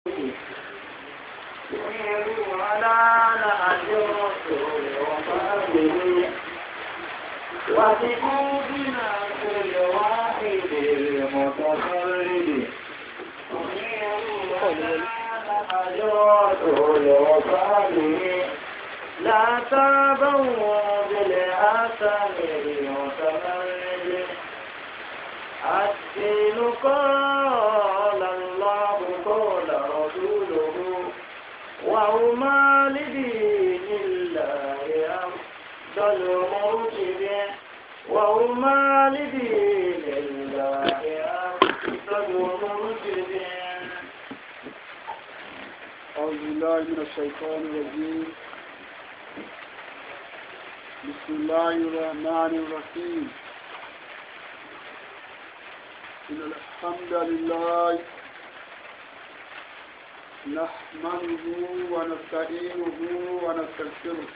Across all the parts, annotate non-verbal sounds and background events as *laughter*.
وَتَكُونُ بِنَا كُلُّ وَاحِدٍ مُتَفَرِّدٍ لا تابوا بالآثام المتمرد الدين قال أعوذ بالله من الشيطان الرجيم بسم الله الرحمن الرحيم إن الحمد لله نحمده ونستعينه ونستغفره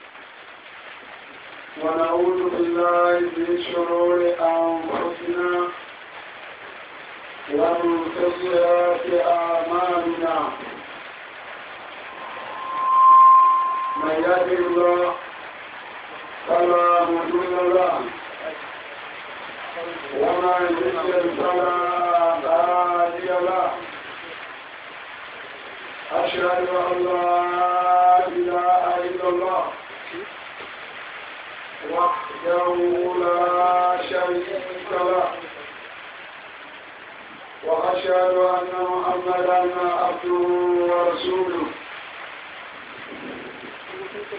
ونعوذ بالله من شرور أنفسنا ومن سيئات أعمالنا من يهد الله فلا مضل له ومن يضلل فلا هادي له أشهد أن لا إله إلا الله وحده لا شريك له وأشهد أن محمدا عبده ورسوله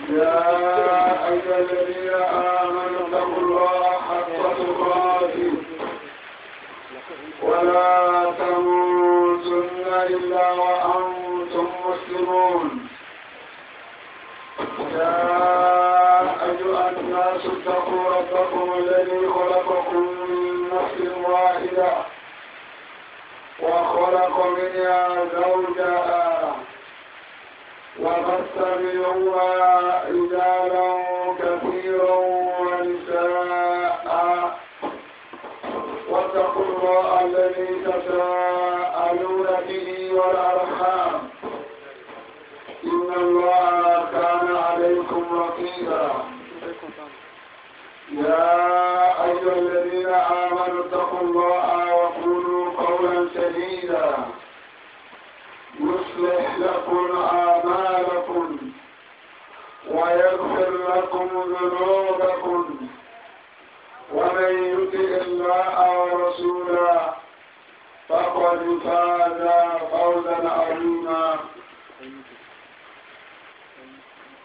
يا أيها الذين آمنوا اتقوا الله حق تقاته ولا تموتن إلا وأنتم مسلمون يا الناس اتقوا ربكم الذي خلقكم من نفس واحدة وخلق منها زوجها وبث منهما رجالا كثيرا ونساء واتقوا الله الذي تساءلون به والأرحام إن الله كان عليكم رقيبا يا أيها الذين آمنوا اتقوا الله وقولوا قولا سديدا يصلح لكم أعمالكم ويغفر لكم ذنوبكم ومن يطع الله ورسوله فقد فاز فوزا عظيما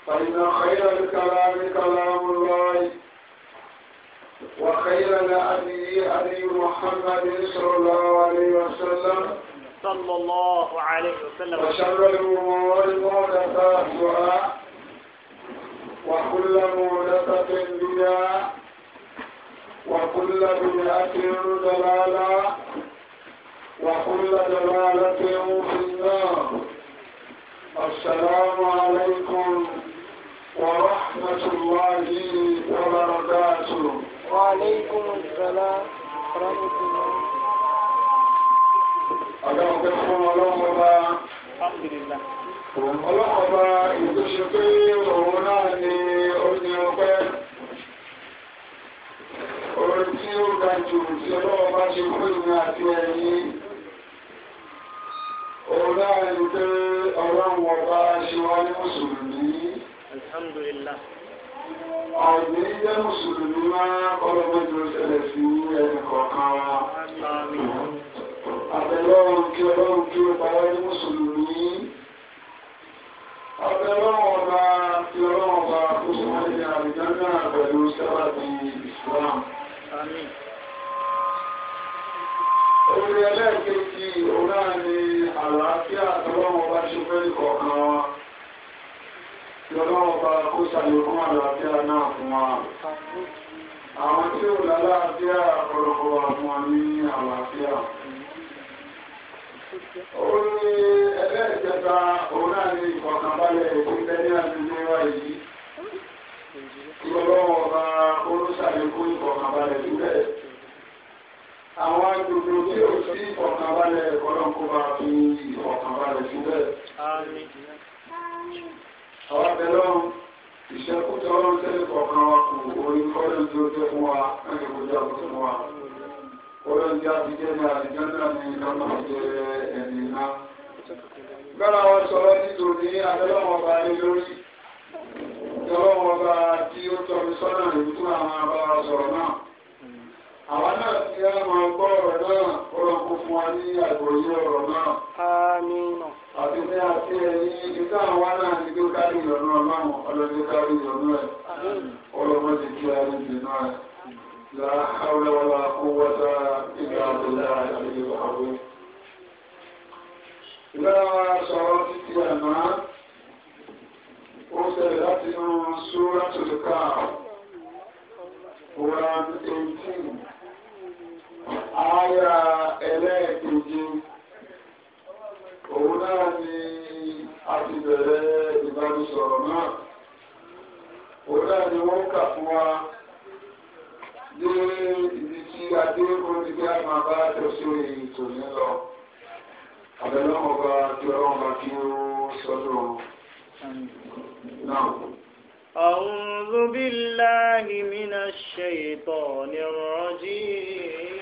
فإن خير الكلام كلام الله وخير الهدي ابي محمد صلى الله عليه وسلم صلى الله عليه وسلم وشر الأمور محدثاتها وكل محدثة بدعة وكل بدعة ضلالة وكل ضلالة في النار السلام عليكم ورحمة الله وبركاته وعليكم السلام ورحمة الله Ọlọ́run pẹ́ fún ọlọ́run ọba. Ọlọ́run ọba ìlú ṣe pé òun náà ni ó ní ọpẹ́. Orin tí ó ga jù tí ọlọ́run ṣe fún ìrìn àti ẹ̀yìn. Òun náà ni pé ọlọ́run ṣe wá ní Mùsùlùmí. Alhamdulillah àìní jẹ́ mùsùlùmí máa ọlọ́mọdé ṣẹlẹ̀ sí ẹnì kọ̀ọ̀kan wa. Àbẹ̀lọ́run kí ọlọ́run kí ó parẹ́ ní mùsùlùmí. Àbẹ̀lọ́run ọba kí ọlọ́run ọba kó sọ wọ́n ní àbìdáná pẹ̀lú sábàbí Islam. Orí ẹlẹ́ẹ̀kejì òun náà ni àlàáfíà tọ́lọ́run ọba ṣe fẹ́ kọ̀ọ̀kan wa lọ́lọ́wọ́ bá kó ṣàlékún àlàáfíà náà fún wa àwọn tí ò lálàáfíà ọ̀rọ̀kọ̀ wà fún wa ní àlàáfíà ó ní ẹlẹ́ẹ̀kẹta òun náà ní ìfọ̀kànbalẹ̀ ìpínlẹ̀ ní àdúgbò wa yìí lọ́lọ́wọ́ bá kó ṣàlékún ìfọ̀kànbalẹ̀ síbẹ̀ àwọn agbègbè tí ò sí ìfọ̀kànbalẹ̀ ọlọ́kọ̀ bá fi ìfọ̀kànbalẹ̀ síbẹ̀ àwọn abẹ́lọ́ ìṣẹ́kùtọ́ ọlọ́run tẹ́lẹ̀ kọ̀ọ̀kan wa kù orí kọ́lọ́n tí ó jẹ́ fún wa láti kojú àkóso fún wa kọ́lọ́n tí a ti jẹ́ ní àdìjọ́ náà ní ìdáná jẹ́ ẹ̀mí iná. gbọ́dọ̀ àwọn sọ̀rọ̀ nítorí abẹ́lọ́ wọn bá rí lórí ìjọba wọn bá tí ó tọ́ mi sọ́nà ìlú àwọn abára sọ̀rọ̀ náà àwọn náà tí a máa gbọ́ ọ̀rọ̀ náà ọ̀rọ̀ kò wa ní àgbòyé ọ̀rọ̀ náà. àti ní àti ẹ̀yìn ìta àwa náà ní tó kárí ìyọ̀nù ọlọ́run ọlọ́dẹ kárí ìyọ̀nù ẹ̀ ọlọ́run ti kí ayé jù náà ẹ̀. la hawla wala quwwata illa billahi al-aliyyil sọ̀rọ̀ títí àná ó ṣẹlẹ̀ láti inú Suratul Kahf. Quran 18 àyà ẹlẹ́ẹ̀kejì òun náà ni a ti bẹ̀rẹ̀ ìbánisọ̀rọ̀ náà òun náà ni wọ́n kà fún wa ní ibi tí adéwọ́n ti bí a máa bá tẹ̀sọ́ èyí tò ní lọ àbẹ̀lẹ́ ọba tí ọlọ́run bá kí ó sọ́dọ̀ náà. أعوذ بالله من الشيطان الرجيم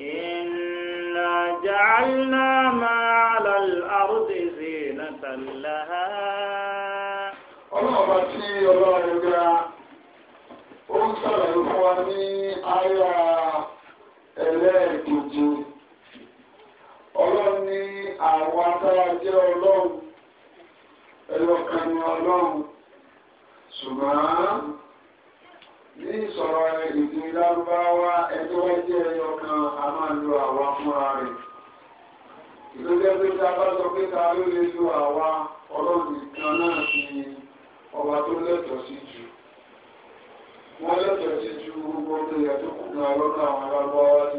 إنا جعلنا ما على الأرض زينة لها ọlọ́ọ̀bá tí ọlọ́run gbá ó ń sọ̀rọ̀ fún wa ní àyà ẹlẹ́ẹ̀kejì ọlọ́run ní àwọn atára ọlọ́run ẹlọ́kan ní ọlọ́run ṣùgbọ́n. ní ìsọ̀rọ̀ èdè lárúbáwá ẹjọ́ ẹjẹ́ ẹyọ kan a máa lo àwa fúnra rẹ̀. ìlójẹ́ tó tá a pé ta ló lè lo àwa ọlọ́run náà fi ọba tó lẹ́tọ̀ọ́ sí jù. wọ́n lẹ́tọ̀ọ́ sí ju gbogbo ọdún tó kù náà lọ́dọ̀ àwọn lárúbáwá ti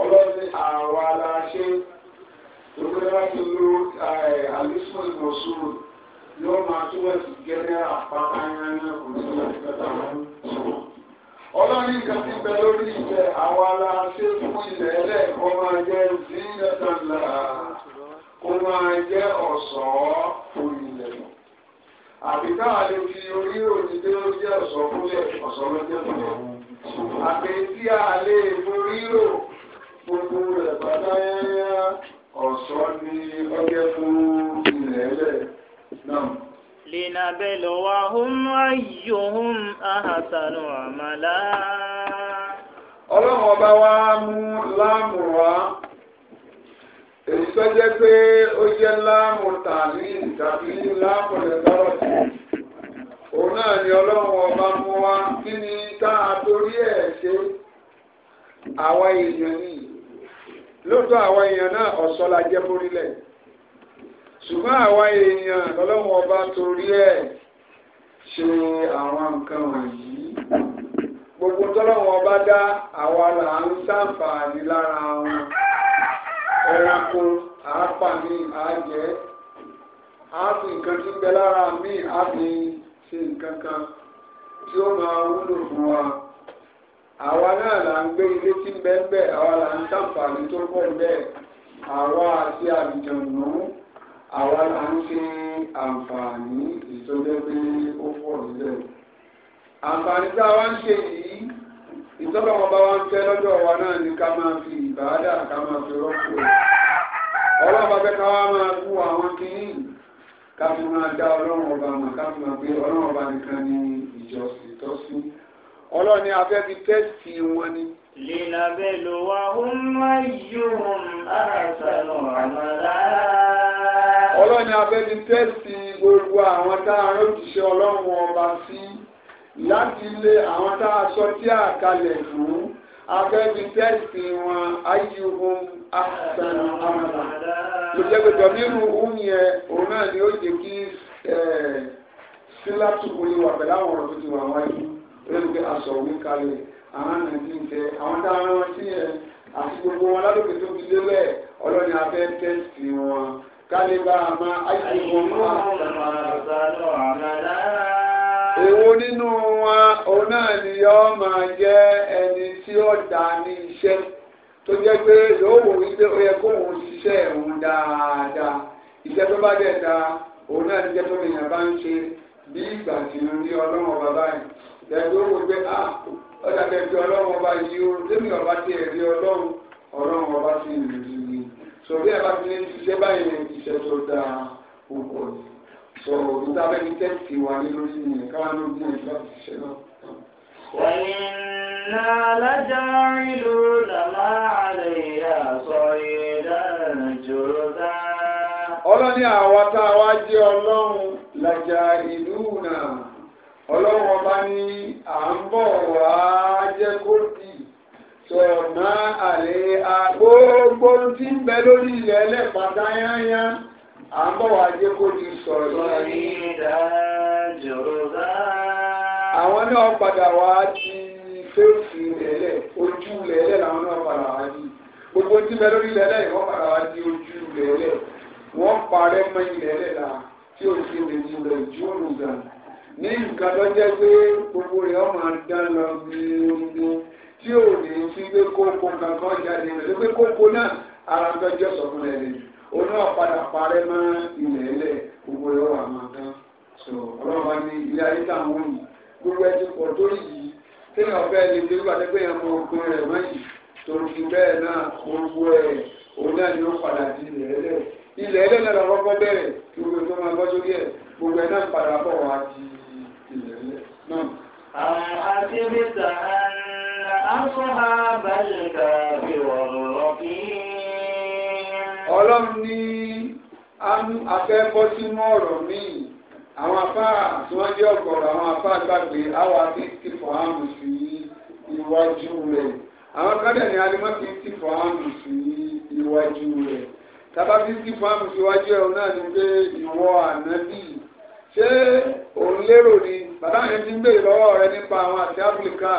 ọlọ́ọ̀ni àwa la ṣe gbogbo ẹ láti lo àlùsùn ìmọ̀sùn yóò máa túbọ̀ sí gẹ́gẹ́ àpákáyányá kò sí ìfẹ́ta wọn. ọlọ́ọ̀ni nǹkan ti bẹ lórí ìfẹ́ àwa la ṣe fún ilẹ̀ ẹlẹ́ẹ̀kọ́ máa jẹ́ zíńdàtàlá kó máa jẹ́ ọ̀ṣọ́ fún ilẹ̀ àbíká àlè fi orí òní dé ó jẹ́ ọ̀ṣọ́ fúnlẹ̀ ọ̀ṣọ́ ló jẹ́ àbẹ̀tí àlè forí rò gbogbo rẹ̀ bàdáyáyá ọ̀ṣọ́ ni ọjẹ́ fún ilẹ̀ ẹlẹ̀ náà. لنبلوهم أيهم أحسن عملا ọlọ́run ọba wa mú láàmù wá èyí tó jẹ́ pé ó jẹ́ láàmù tàbí tàbí láàmù lẹ́tọ́rọ̀ sí òun náà ni ọlọ́run ọba mú wá kí ni tá a torí ẹ̀ ṣe àwa èèyàn nìyí lóòótọ́ àwa èèyàn náà ọ̀ṣọ́ la jẹ́ fórílẹ̀ ṣùgbọ́n àwa èèyàn lọ́lọ́run ọba torí ẹ̀ ṣe àwọn nǹkan wọ̀nyí gbogbo tọ́lọ́run ọba dá àwa là ń ṣàǹfààní lára wọn ẹranko àápàmì àjẹ́ àáfi nǹkan tí ń bẹ lára míì àfi ṣe nǹkan kan tí ó máa wúlò fún wa. àwa náà là ń gbé ilé tí ń bẹ́ẹ̀ bẹ́ẹ̀ àwa là ń sàǹfààní tó pọ̀ bẹ́ẹ̀ àwa àti àbìjọ̀nù àwa là ń ṣe àǹfààní ìtọ́jọ́gbé ó pọ̀ nílẹ̀. àǹfààní tá a wá ń ṣe wa náà ni ká máa fi ìbáadà ká máa fi rọ́pò ẹ̀. ọlọ́run bá fẹ́ ká wá máa kú àwọn kìíní ká fi máa dá ọlọ́run ọba mà ká fi máa gbé ọlọ́run ọba nìkan ní ọlọ́ni afẹ́ fi tẹ́sì wọn ni. lina bẹ́lò wa hum ayyuhum ahsanu amala. ọlọ́ni afẹ́ fi tẹ́sì gbogbo àwọn tá a rọ́jìṣẹ́ ọlọ́run ọba sí láti lé àwọn tá a sọ tí a kalẹ̀ fún afẹ́ fi tẹ́sì wọn ayyuhum ahsanu amala. lójẹ́gbẹ̀jọ nínú òun yẹn òun náà ni ó jẹ́ kí sílátù olè wà ọ̀rọ̀ tó ti wà wáyé. lórí aṣọ òun kalẹ̀ àwọn nàìjíríà tẹ àwọn tá a rán wọn sí yẹn àti gbogbo wọn lálòkè tó fi lélẹ̀ ọlọ́ni abẹ́ tẹ́sì wọn kálí bá a máa àìsí wọn mọ́ èwo nínú wọn òun náà ni yọ máa jẹ ẹni tí ó dá ní iṣẹ́ tó jẹ́ pé yóò wò wípé ó yẹ kó òun ṣiṣẹ́ òun dáadáa iṣẹ́ tó bá dẹ̀ da òun náà tó lè yàn bá ń ṣe bí ìgbà tí ń rí ọlọ́run dẹbi ah, ó wọ pé a ọjà dẹbi ọlọ́run ọba yìí o lẹ́mi ọba ti ẹ̀rí ọlọ́run ọlọ́run ọba ti rìn rìn rìn bí ẹ̀ka ti ní ṣiṣẹ́ báyìí iṣẹ́ tó dáa púpọ̀ so níta bẹ́ẹ̀ ni tẹ́sítì wà ní lórí yẹn káwọn ló dín ẹ̀ láti ṣiṣẹ́ náà. وإنا لجاعلون ما عليها صعيدا جرذا ọlọ́ni àwa tá a ọlọ́run ọba ní à ń bọ̀ wá jẹ́ kó di sọ̀nà àlè gbogbo tí ń bẹ lórí ilẹ̀ ẹlẹ́pàá yányá à ń bọ̀ wá jẹ́ kó di sọ̀nà ní ìdájọ́ rà. àwọn náà padà wá di fèsì lẹ́lẹ̀ ojú lẹ́lẹ̀ làwọn náà padà wá di gbogbo tí ń bẹ lórí ilẹ̀ ẹlẹ́yìn padà wá di ojú lẹ́lẹ̀ wọ́n parẹ́ mọ́ ilẹ̀ ẹlẹ́ tí o ti lè ti lè jù ú lù gàn. ní nǹkan tó jẹ́ pé gbogbo rẹ̀ ọmọ dá lọ gbogbo tí ò ní fi pé kókó kankan jáde rẹ̀ kókó náà ara ń tọ́jú ọ̀sọ̀kún rẹ̀ náà padà parẹ́ mọ́ ilẹ̀ ẹlẹ̀ gbogbo rẹ̀ wà máa tán so ọlọ́run gbogbo ẹ ti pọ̀ tó yìí téèyàn pé mọ ogun rẹ̀ bẹ́ẹ̀ gbogbo ẹ̀ òun náà ni ó padà di ilẹ̀ gbogbo tó máa أحسبت أن أصحاب الكهف والرقيم ọlọ́run ní afẹ́kọ́ sínú ọ̀rọ̀ ní àwọn afáà tí wọ́n jẹ́ ọ̀gọ̀rọ̀ àwọn àti gbàgbé àwọn àbíkí sí iwájú rẹ̀ àwọn kádẹ̀ ní alimọ́tì ti sí iwájú rẹ. tábàbí ti fọ̀hámù sí iwájú náà ni pé ìwọ ànábì ṣé òun lérò ni bàbá mi ti ń lọ́wọ́ rẹ nípa àwọn àti áfíríkà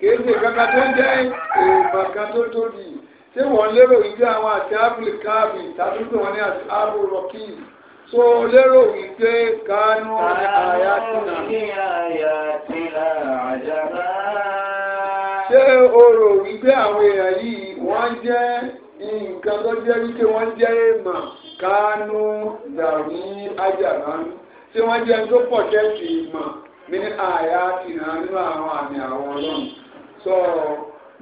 kìí kankan tó jẹ́ èèmọ̀ kan tó tóbi ṣé wọ́n lérò wípé àwọn àti áfíríkà bì tàbíkù wọn ní àbúrò rọ́kì so lérò wípé kánú àyà tìlà ṣé o rò wípé àwọn èèyàn yìí wọ́n jẹ́ nǹkan tó jẹ́ wípé wọ́n jẹ́ kánú tí wọ́n jẹ́ tó pọ̀ jẹ́sì ìmọ̀ ní àyà àtìná nínú àwọn àmì àwọn ọlọ́run sọ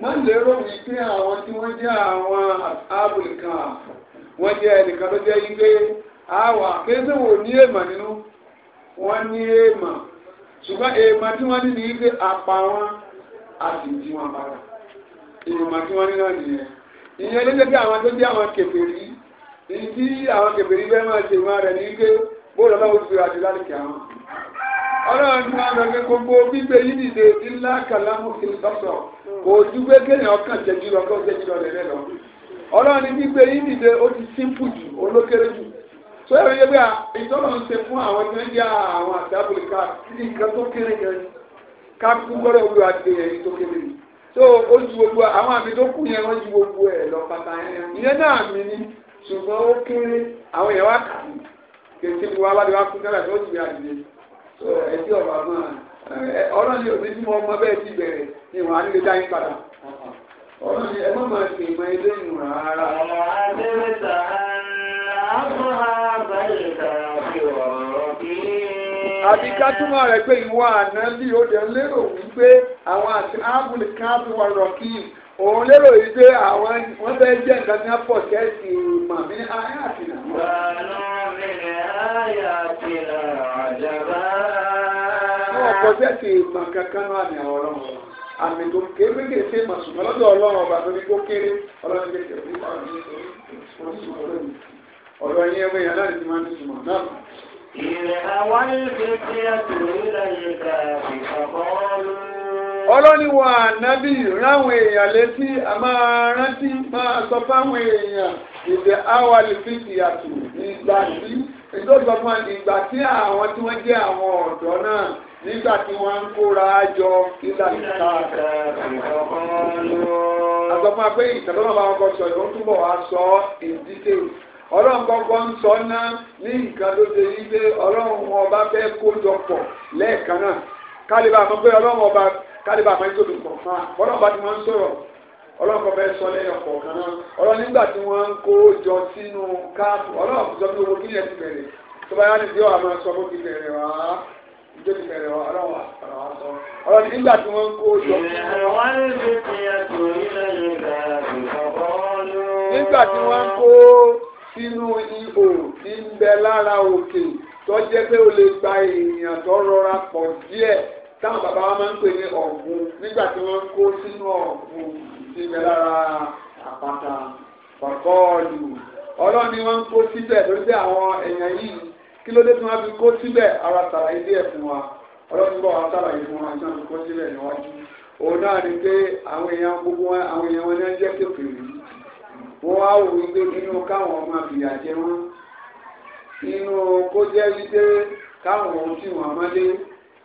má lérò wípé àwọn tí wọ́n jẹ́ àwọn wọ́n jẹ́ ẹnìkan tó jẹ́ ilé ní èèmọ̀ nínú wọ́n ní èèmọ̀ ṣùgbọ́n èèmọ̀ tí wọ́n ní ní ilé apá wọn wọn padà èèmọ̀ tí wọ́n ní náà nìyẹn ìyẹn ló jẹ́ pé àwọn tó jẹ́ àwọn kèfèrí ìdí àwọn kèfèrí máa ṣe bóòlù ọlọ́run fi adé lálùkì àwọn. ọlọ́run ní wọn gbogbo gbígbé yìí nìde ńlá kàlámù kìlìtọ́sọ̀ kò ju kéèyàn kàn jẹ́jú lọ kó jẹ́jú lọ lẹ́lẹ́ lọ. ọlọ́run ní gbígbé yìí nìde ó ti simple jù olókéré jù. yẹ pé ṣe fún àwọn ń yá àwọn nǹkan tó kéré ká kú gbọ́dọ̀ tó kéré tó o ju gbogbo àwọn àmì tó kù yẹn wọ́n ju gbogbo ẹ̀ lọ pàtàkì yẹn náà kékeré wa wá lè wá kú tẹ́lẹ̀ tó ti bí adìyẹ so ẹtí ọba náà ọlọ́run ní òbí tí mo bẹ́ẹ̀ ti bẹ̀rẹ̀ ni á dá yín padà ẹ má máa ṣe ìmọ̀ ilé rárá. àdéhùtà àbúrò ọ̀rọ̀ àti ká túmọ̀ rẹ̀ pé ìwọ àná bí ó lérò wípé àwọn àti òun lérò yìí pé àwọn wọn fẹ́ jẹ́ nǹkan ní apọ̀ kẹ́sì mà mí ayé àtìlá. wàánú mi ní ayé àtìlá wọn kọ kẹ́sì mà kankan náà ní àwọn ọlọ́run àmì tó kéré kéèké mà ọba tó ní kó kéré ọlọ́niwọ̀ ànábì ráwọn èèyàn létí a máa rántí máa sọ fáwọn èèyàn ìdè awàlì fífi àtù ìgbà tí ìdókòwò fún àti ìgbà tí àwọn tí wọ́n jẹ́ àwọn ọ̀dọ́ náà nígbà tí wọ́n ń kóra jọ nígbà tí ká àtọ́fún apé ìtàlọ́nà bá wọn kọ sọ ìlú túbọ̀ wá sọ ìdíje ọlọ́run kọ́kọ́ ń sọ ná ní nǹkan tó ṣe yí pé ọlọ́run ọba fẹ́ kó jọ pọ̀ lẹ́ẹ̀kan náà kálíbà mọ̀ pé ọlọ́run ọba kálíbà máa ń tóbi kọ̀ọ̀kan bọ́lá bá ti máa ń sọ̀rọ̀ ọlọ́kọ̀ fẹ́ sọ lẹ́yìn ọ̀kọ̀ọ̀kan náà ọlọ́run nígbà tí wọ́n ń kó jọ sínú káàpù ọlọ́run sọ pé owó kílẹ̀ ti bẹ̀rẹ̀ tó bá yára ìdí ọ̀hà máa sọ fún ti bẹ̀rẹ̀ wá ìjọ ti bẹ̀rẹ̀ wá ọlọ́run wà sọ ọlọ́run nígbà tí wọ́n ń kó jọ. nígbà tí wọ́n ń kó sínú ihò tí ń bẹ lára òkè tó jẹ́ pé ó lè gba èèyàn tó rọra pọ̀ díẹ̀ táwọn bàbá wa máa ń pè ní ọ̀gbun nígbà tí wọ́n kó sínú ọ̀gbun lára àpáta pàkọ́ọ̀lù ọlọ́run ni wọ́n kó síbẹ̀ lórí bí àwọn èèyàn yìí kí ló dé tí wọ́n fi kó síbẹ̀ ara sàlàyé díẹ̀ fún wa fún wa ìjọba kó síbẹ̀ níwájú òun náà ni gbogbo wọn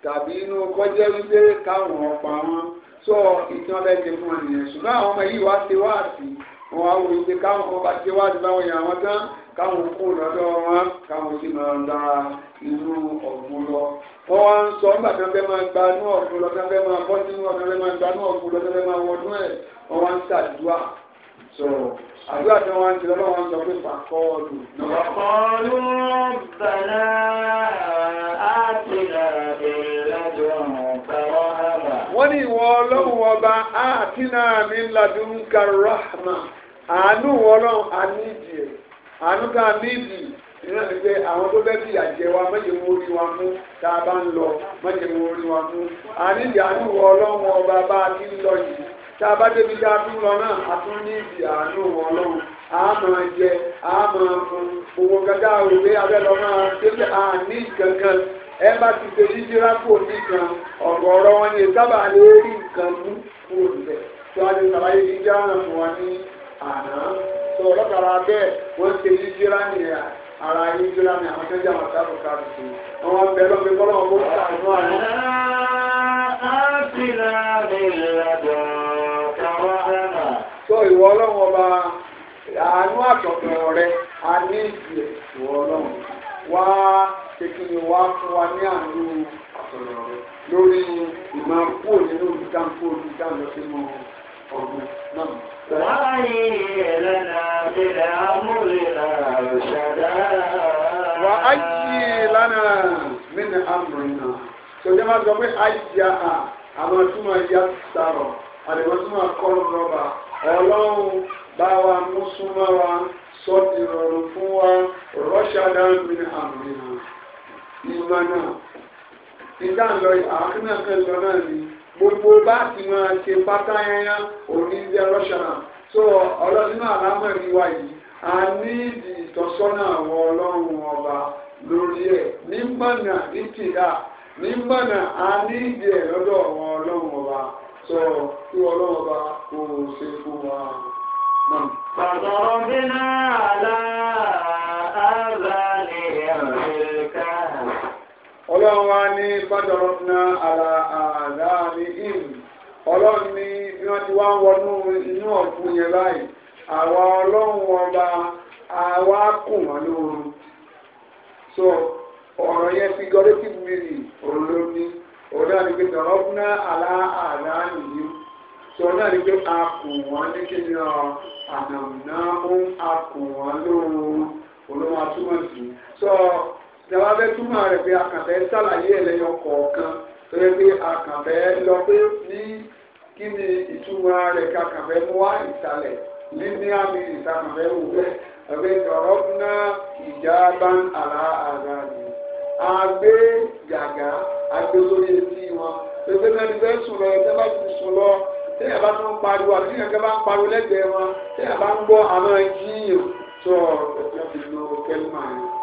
tàbí inú kọjá wípé káwọn ọ̀pá wọn sọ ìtàn lẹ́sẹ̀ fún wọn nìyẹn ṣùgbọ́n àwọn ọmọ yìí wá ṣe wáàsí wọn á wò wípé káwọn ọmọ bá ṣe wáàsí báwọn yàn wọn tán káwọn kú lọ́dọ̀ wọn káwọn sì máa ń da inú ọ̀gbun lọ. wọ́n wá ń sọ nígbà tí wọ́n fẹ́ máa gba inú ọ̀gbun lọ tí wọ́n fẹ́ máa gba inú ọ̀gbun lọ tí wọ́n fẹ́ máa wọnú ẹ̀ wọ́n wá ti lọ́wọ́ wọn sọ pé pàkọ́ọ̀lù. ọ̀pọ̀ ló ń bàlá àtìlà ẹ̀ ìwọ ọlọ́run ọba àtínà mi ladunka rahma àánú ọlọ́run àníìdì ẹ̀ àánú tá a níìdì ìran ni àwọn tó bẹ́ẹ̀ fìyà jẹ wa mọ̀jẹ̀ wo rí wa mú tá a bá ń lọ mọ̀jẹ̀ wo rí wa mú àníìdì àánú ọlọ́run ọba bá a ti ń lọ yìí tá a bá débi tá a tún lọ náà a tún níìdì àánú ọlọ́run àmọ̀ jẹ àmọ̀ fún owó gàdá òwe abẹ́lọ́mọ́ àti àní kankan ẹ bá ti ṣe yíyíra kò nìkan ọ̀gọ̀ọ̀rọ̀ wọn ni sábà lè rí nǹkan mú kúrò níbẹ̀ tí wọ́n ti sàlàyé yíyíra náà fún wa ní àná tó ọlọ́kàrà bẹ́ẹ̀ wọ́n ṣe yíyíra ní ara yíyíra ní àwọn tẹ́jà wọn sábà káàdì sí i wọ́n bẹ lọ́pẹ́ kọ́lọ́ wọn kó sàánú àná. tó ìwọ ọlọ́run ọba àánú àtọ̀tọ̀ rẹ a ìjì kékeré wa fún wa ní àánú lórí ìmọ̀ kúrò nínú ìdá kúrò ìdá lọ sínú ọ̀gbìn náà. láàyè lẹ́nà ìlẹ̀ amúlẹ̀lá ṣẹ̀dá. wà á yí lánàá mí ni àmúrin náà. sọjá máa sọ pé àyíjà à àwọn túmọ̀ ya sàrọ̀ àdìgbò túmọ̀ kọ́rọ̀ rọ́bà ọlọ́run bá wa mú súnmọ́ wa sọ́ọ̀tì rọrùn fún wa rọ́ṣà dáhùn mí ni àmúrin náà. ìlúwa náà nígbà ńlọ àwọn náà kan náà ni gbogbo bá ti máa ṣe pátá yányá òní ọlọ́ṣọ́nà tó ọlọ́dúnrún àlámọ̀ yìí a ní ìdí ìtọ́sọ́nà àwọn ọlọ́run ọba lórí ẹ̀ nígbàna nítìlá nígbàna a ní ìdí ẹ̀ lọ́dọ̀ àwọn ọba tó kí ọlọ́run ọba kò ṣe fún wa. فضربنا على آذانهم ọlọ́run wa ní bàdọ̀rọ̀ na ara àdáàrí ọlọ́run ní bí wọ́n ti wá wọnú inú ọ̀fun yẹn báyìí àwa ọlọ́run ọba àwa kù wọ́n lóorun so ọ̀rọ̀ yẹn fi gọdé tí mìíràn òun ló ní òun náà pé dọ̀rọ̀ ná àlá àdáàrí yìí so náà ní pé a kù wọ́n ní kí ni ọ ànàmùná ń a kù wọ́n lóorun olóhùn atúmọ̀ sí so tẹ̀wá fẹ́ túmọ̀ rẹ̀ pé akànfẹ́ sàlàyé ẹlẹ́yọ kọ̀ọ̀kan tó yẹ pé akànfẹ́ lọ pé ní kí ni ìtumọ̀ rẹ̀ kí akànfẹ́ mú wá ìsàlẹ̀ níní àmì ìsàkànfẹ́ wò bẹ́ẹ̀ ẹ̀wẹ́ ọ̀rọ̀ ná ìjàmbá àlá àgbà ni àgbé gàgà àgbé lórí etí wọn pépé náà ni bẹ́ẹ̀ sùn lọ ẹgbẹ́ bá ti sùn lọ tẹ́yà bá tún pariwo àti ìyànjẹ́ bá ń pariwo lẹ́gbẹ̀ẹ́ wọn tẹ́yà bá ń gbọ́ àwọn ẹjí tó ọ̀rọ̀ ẹ̀jẹ̀ fi lo kẹ́lí màá yìí.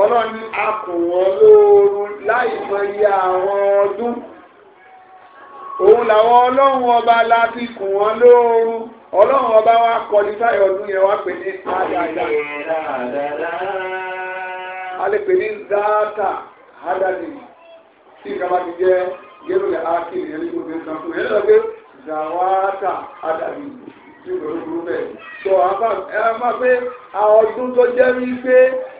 ọlọ́ni akùnwọ́n lóoru láì mọyì àwọn ọdún òun làwọn ọlọ́run ọba la fi kùn wọ́n lóoru ọlọ́run ọba wa kọlifáì ọdún yẹn wá pè ní àdàdà a lè pè ní zaata àdàdì tí nǹkan bá ti jẹ́ yẹ́rù lẹ́ ákìlì yẹn ní gbogbo nǹkan fún yẹn lọ́dọ̀ pé zawaata àdàdì tí kò ní burú bẹ́ẹ̀ sọ àwọn máa pé àwọn ọdún tó jẹ́ wípé.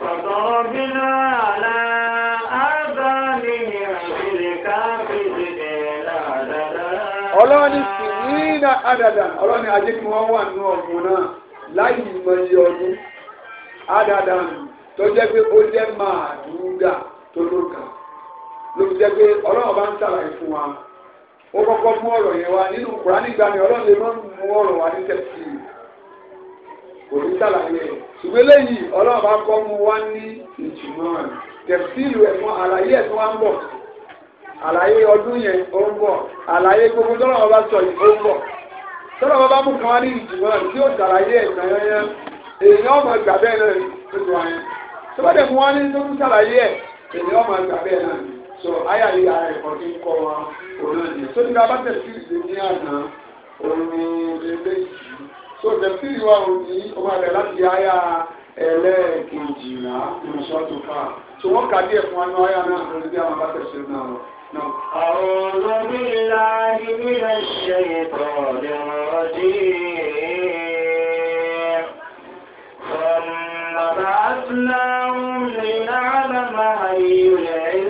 فضربنا على آذانهم في الكافرين ọlọ́ni sìnínà àdàdà ọlọ́ni ajé kí wọ́n wà nínú ọ̀gbun náà láì mọ iye ọdún àdàdà tó jẹ́ pé ó jẹ́ màdúgà tó lóka ló fi jẹ́ pé ọlọ́run bá ń fún wa ó kọ́kọ́ mú ọ̀rọ̀ yẹn nínú òní sàlàyé ṣùgbọ́n eléyìí ọlọ́run kọ́ mu wá ní ìjùmọ̀ tẹ̀síìlù ẹ̀fọn àlàyé ń bọ̀ àlàyé ọdún yẹn ó ń bọ̀ àlàyé gbogbo tọ́lọ̀ bá sọ yìí ó ń bọ̀ bá mú kan wá ní tí ó sàlàyé ẹ̀sán yẹn èèyàn ọmọ ìgbà bẹ́ẹ̀ náà tó tó tó bá dẹ̀ mú ní tó so tẹ̀síìrì wa ò ní ọmọ rẹ̀ láti àyà ẹlẹ́ẹ̀kejìlá nínú sọ́tò fà so wọ́n kà díẹ̀ fún wa àyà náà lórí bí àwọn bá tẹ̀síìrì náà lọ. أعوذ بالله من الشيطان الرجيم ثم بعثناهم لنعلم هل يلعن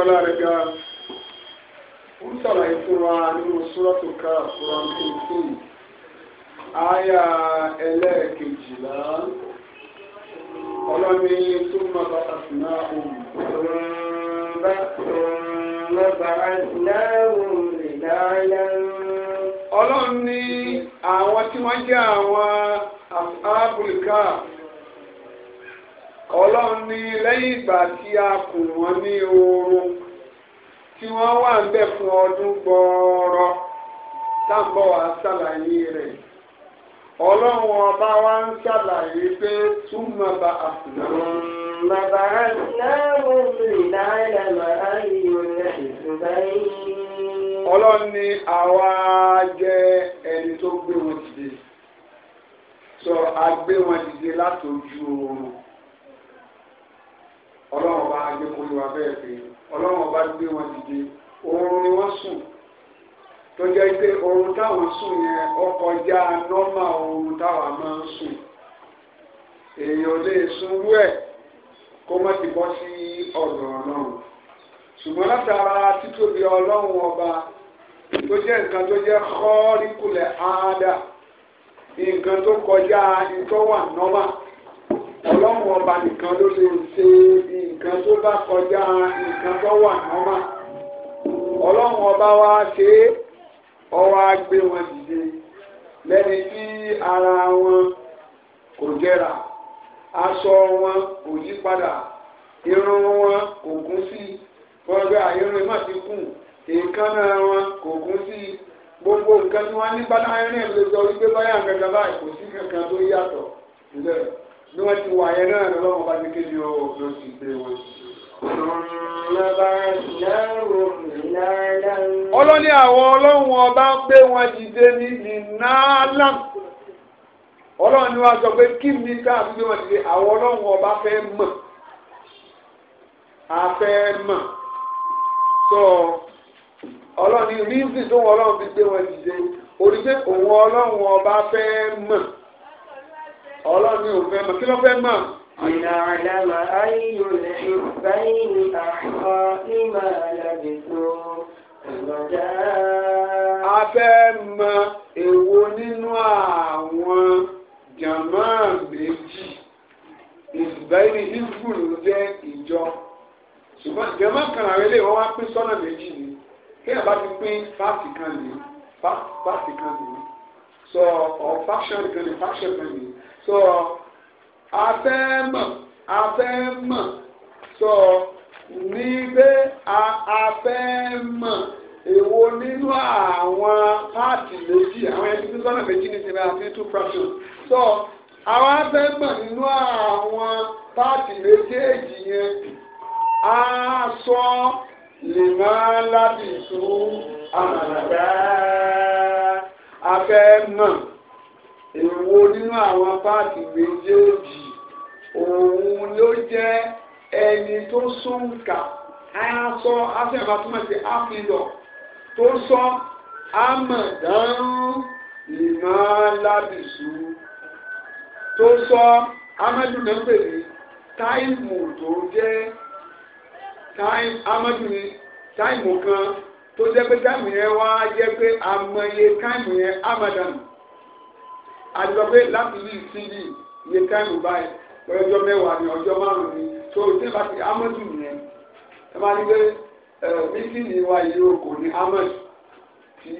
ọlá rẹ̀ ga wa nínú súrọ́tù ká Quran eighteen àyà ẹlẹ́ẹ̀kejìlá ọlọ́ni tó máa bá àfúná òun. ọlọ́run ní àwọn tí wọ́n jẹ́ àwọn ọlọ́run ní lẹ́yìn ìgbà tí a kù wọ́n ní oorun tí wọ́n wà ń bẹ̀ fún ọdún gbọ́ọ́rọ́ táǹbọ̀ wá ṣàlàyé rẹ̀ ọlọ́run ọba wa ń ṣàlàyé pé túmọ̀ bá a sùn náà. Bàbá aláwọ̀ ìlànà màá yọ ìsúnbáyé. Ọlọ́run ní àwa jẹ́ ẹni tó gbé wọn dìde. Sọ agbé wọn dìde látòjú oorun ọlọ́run bá gbé kó yíwa bẹ́ẹ̀ pé ọlọ́run bá gbé wọn dìde oorun ni wọ́n sùn tó jẹ́ pé oorun táwọn sùn yẹn ó kọjá nọ́mà oorun táwọn máa ń sùn èèyàn lè sunrú ẹ̀ kó má ti bọ́ sí ọ̀dọ̀ ọlọ́run ṣùgbọ́n látara títóbi ọlọ́run ọba tó jẹ́ nǹkan tó jẹ́ kọ́ọ́rí kulẹ̀ áádà nǹkan tó kọjá ìtọ́wà nọ́mà. ọlọ́run ọba nìkan ló lè ṣe nǹkan tó bá kọjá nǹkan tó wà nọ́mà ọlọ́run ọba wa ṣe ọwọ́ agbé wọn dìde lẹ́ni tí ara wọn kò jẹrà aṣọ wọn kò yí padà irun wọn kò gún sí fọlọ́gbẹ́ àìrìn má ti kù èékánná wọn kò gún sí gbogbo nǹkan tí wọ́n ní bá láyé rìn lè sọ wípé báyà kankan báyìí kò sí kankan tó yàtọ̀ nílẹ̀. bí wọ́n ti wà yẹn náà lọ́wọ́ bá ti kéde o ló ti gbé wọn. Ọlọ́ni àwọn ọlọ́run ọba gbé wọn dìde ní ìnáàlá. Ọlọ́run ni wọ́n sọ pé kí ni ká gbé wọn dìde àwọn ọlọ́run ọba fẹ́ mọ̀. A fẹ́ mọ̀. Sọ ọlọ́run ní ríńsì tó wọn ọlọ́run fi gbé wọn dìde. Orí pé òun ọlọ́run ọba fẹ́ mọ̀ ọlọ́run ní òfin mọ̀ kí ló fẹ́ mọ̀. لنعلم أي الحزبين أحصى لما لبثوا رمدا. a fẹ́ mọ èwo nínú àwọn jàmá méjì ìsìbáyìí hizbu ló jẹ́ ìjọ ṣùgbọ́n jàmá kan àwọn eléyìí wọ́n wá pín sọ́nà méjì ni kí ẹ̀ bá ti pín fáàtì kan nìyí fáàtì kan nìyí so or faction became a faction member so afẹ́ mọ̀ afẹ́ mọ̀ so níbẹ̀ afẹ́ mọ̀ èwo nínú àwọn páàtì méjì àwọn ẹni tí sọ́nà méjì ní sinmi àti two fractions so àwọn afẹ́ mọ̀ nínú àwọn páàtì méjèèjì yẹn á sọ lè máa lábìsú àmàlàgbà afẹ́ mọ̀ èwo nínú àwọn páàkì méjèèjì òun ló jẹ́ ẹni tó súnkà aṣọ aṣẹ́yìnbá túmọ̀ sí áfíńdọ̀ tó sọ amọ̀dánrú ìmọ̀lábìsú tó sọ amadu náà pè ní táìmù tó jẹ́ táìmù amadu ní táìmù kan tó jẹ́ pé táìmù yẹn wá jẹ́ pé àmọye táìmù yẹn amadam àjọ pé láti yìí sí yìí iye táìmù báyìí lọ́jọ́ mẹ́wàá ni ọjọ́ márùn ni tó o ti bá ti amadu yẹn ẹ máa ní pé mítìnì wa yìí o kò ní amadu tí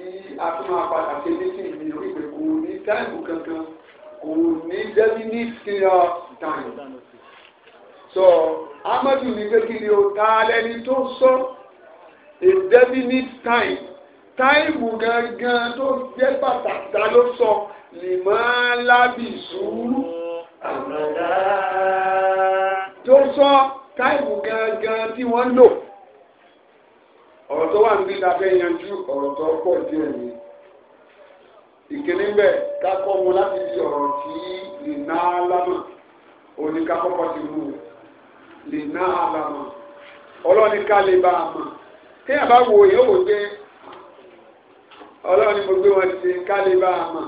a tún máa padà ṣe mítìnì mi ò pé kò ní táìmù kankan kò ní definite clear time so amadu ní pé kí ni o ta lẹni tó sọ a definite time táìmù gangan tó jẹ́ pàtàkì ta ló sọ lèmọ́ lábìsú àmàlà tó sọ táìmù gangan tí wọ́n lò ọ̀rọ̀ tó wà níbi lábẹ́ yanjú ọ̀rọ̀ tó pọ̀ díẹ̀ ni ìkíní bẹ́ẹ̀ kákọ́ mu láti di ọ̀rọ̀ tí lè ná lámà òní kákọ́kọ́ ti mú lè ná lámà ọlọ́ni ká lè bá a mọ̀ tí a bá wo yóò wò pé ọlọ́run ni mo gbé wọn ti kálí bá a mọ̀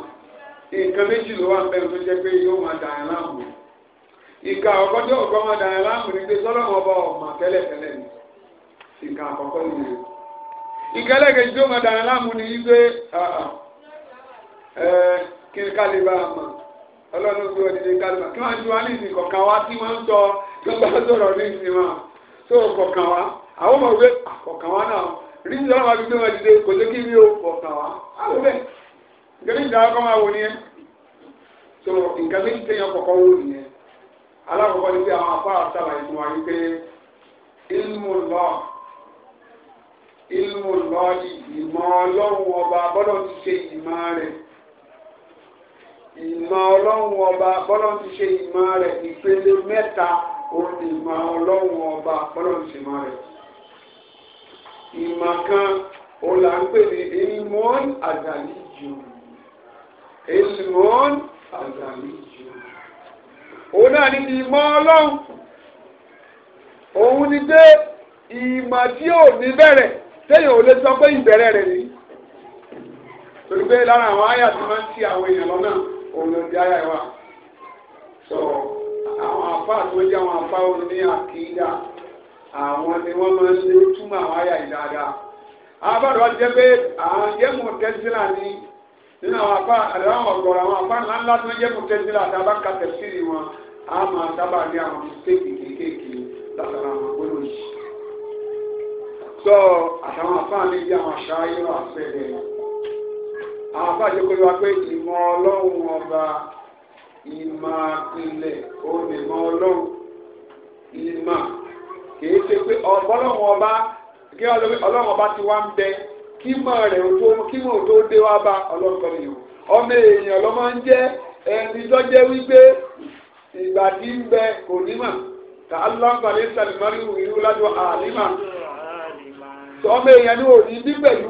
nǹkan méjì ló wà bẹ́ẹ̀ tó jẹ́ pé yóò máa dà yẹn láàmú ìka ọkọ tí ọkọ máa dà yẹn láàmú ni pé sọ́lọ́run ọba ọ̀mà tẹ́lẹ̀tẹ́lẹ̀ ni ìka àkọ́kọ́ nìyẹn ìka ẹlẹ́gẹ̀ẹ́jì tó máa dà yẹn láàmú ni yí pé kí n kálí bá a mọ̀ ọlọ́run gbé wọn ti kálí bá a kí wọ́n ti wá ní ìsìn kọ̀ọ̀kan wá tí wọ́n ń sọ kọ̀ọ̀kan wá. àwọn ọmọ ìwé ọ̀kàn wa náà rí ní ọlọ́mọ àbí gbé wọn dìde kò jẹ́ kí ilé ọ̀kàn wa àwọn bẹ́ẹ̀ nítorí ìjà ọkọ̀ máa wò nìyẹn nǹkan méjì téèyàn wò nìyẹn ni pé àwọn ilmu lọ ilmu lọ ọba ti ṣe ọba ti ṣe ìpele ọba ti ṣe rẹ. ìmọ̀ kan òun là ń pè ní ilmon àdàlíjù ilmon àdàlíjù òun náà ní ìmọ̀ ọlọ́run òun ni pé ìmọ̀ tí ò ní bẹ̀rẹ̀ téèyàn ò lè sọ pé ìbẹ̀rẹ̀ rẹ̀ ni torí pé lára àwọn àyà tí wọ́n ń ti àwọn èèyàn lọ́nà òun ló ń di àyà wa sọ àwọn afá tó jẹ́ àwọn afá òun ní àkìdá àwọn ni wọ́n máa ṣe túmọ̀ àwọn àyà yìí dáadáa. jẹ́ pé àwọn jẹ́mu tẹ́sílà ni nínú àwọn apá àdáwọn ọ̀gọ̀rọ̀ àwọn apá ńlá ńlá tó ń jẹ́mu tẹ́sílà tábà ka tẹ̀síìrì wọn á máa sábà ní àwọn mistéèkì kéékèèké látara àwọn gbólóhùn yìí. sọ àtàwọn apá mi bí àwọn àṣà ayélujára àfẹ́rẹ́ àwọn apá àjẹkọ̀ọ́ wa pé ìmọ̀ ọlọ́run ọba ìmọ̀ àpilẹ̀ òun kìí ṣe pé ọlọ́run ọba kí ọlọ́run ọba ti wá ń bẹ kí mọ̀ rẹ̀ ò tó kí mọ̀ tó dé wá bá ọlọ́run ọmọ èèyàn lọ́mọ ń jẹ́ ẹni tó jẹ́ wípé ìgbà tí ń bẹ kò ní mà ká lọ́gbà ní sàlìmọ́rì ìlú lájọ àlìmà ọmọ èèyàn ní òní bí pẹ̀lú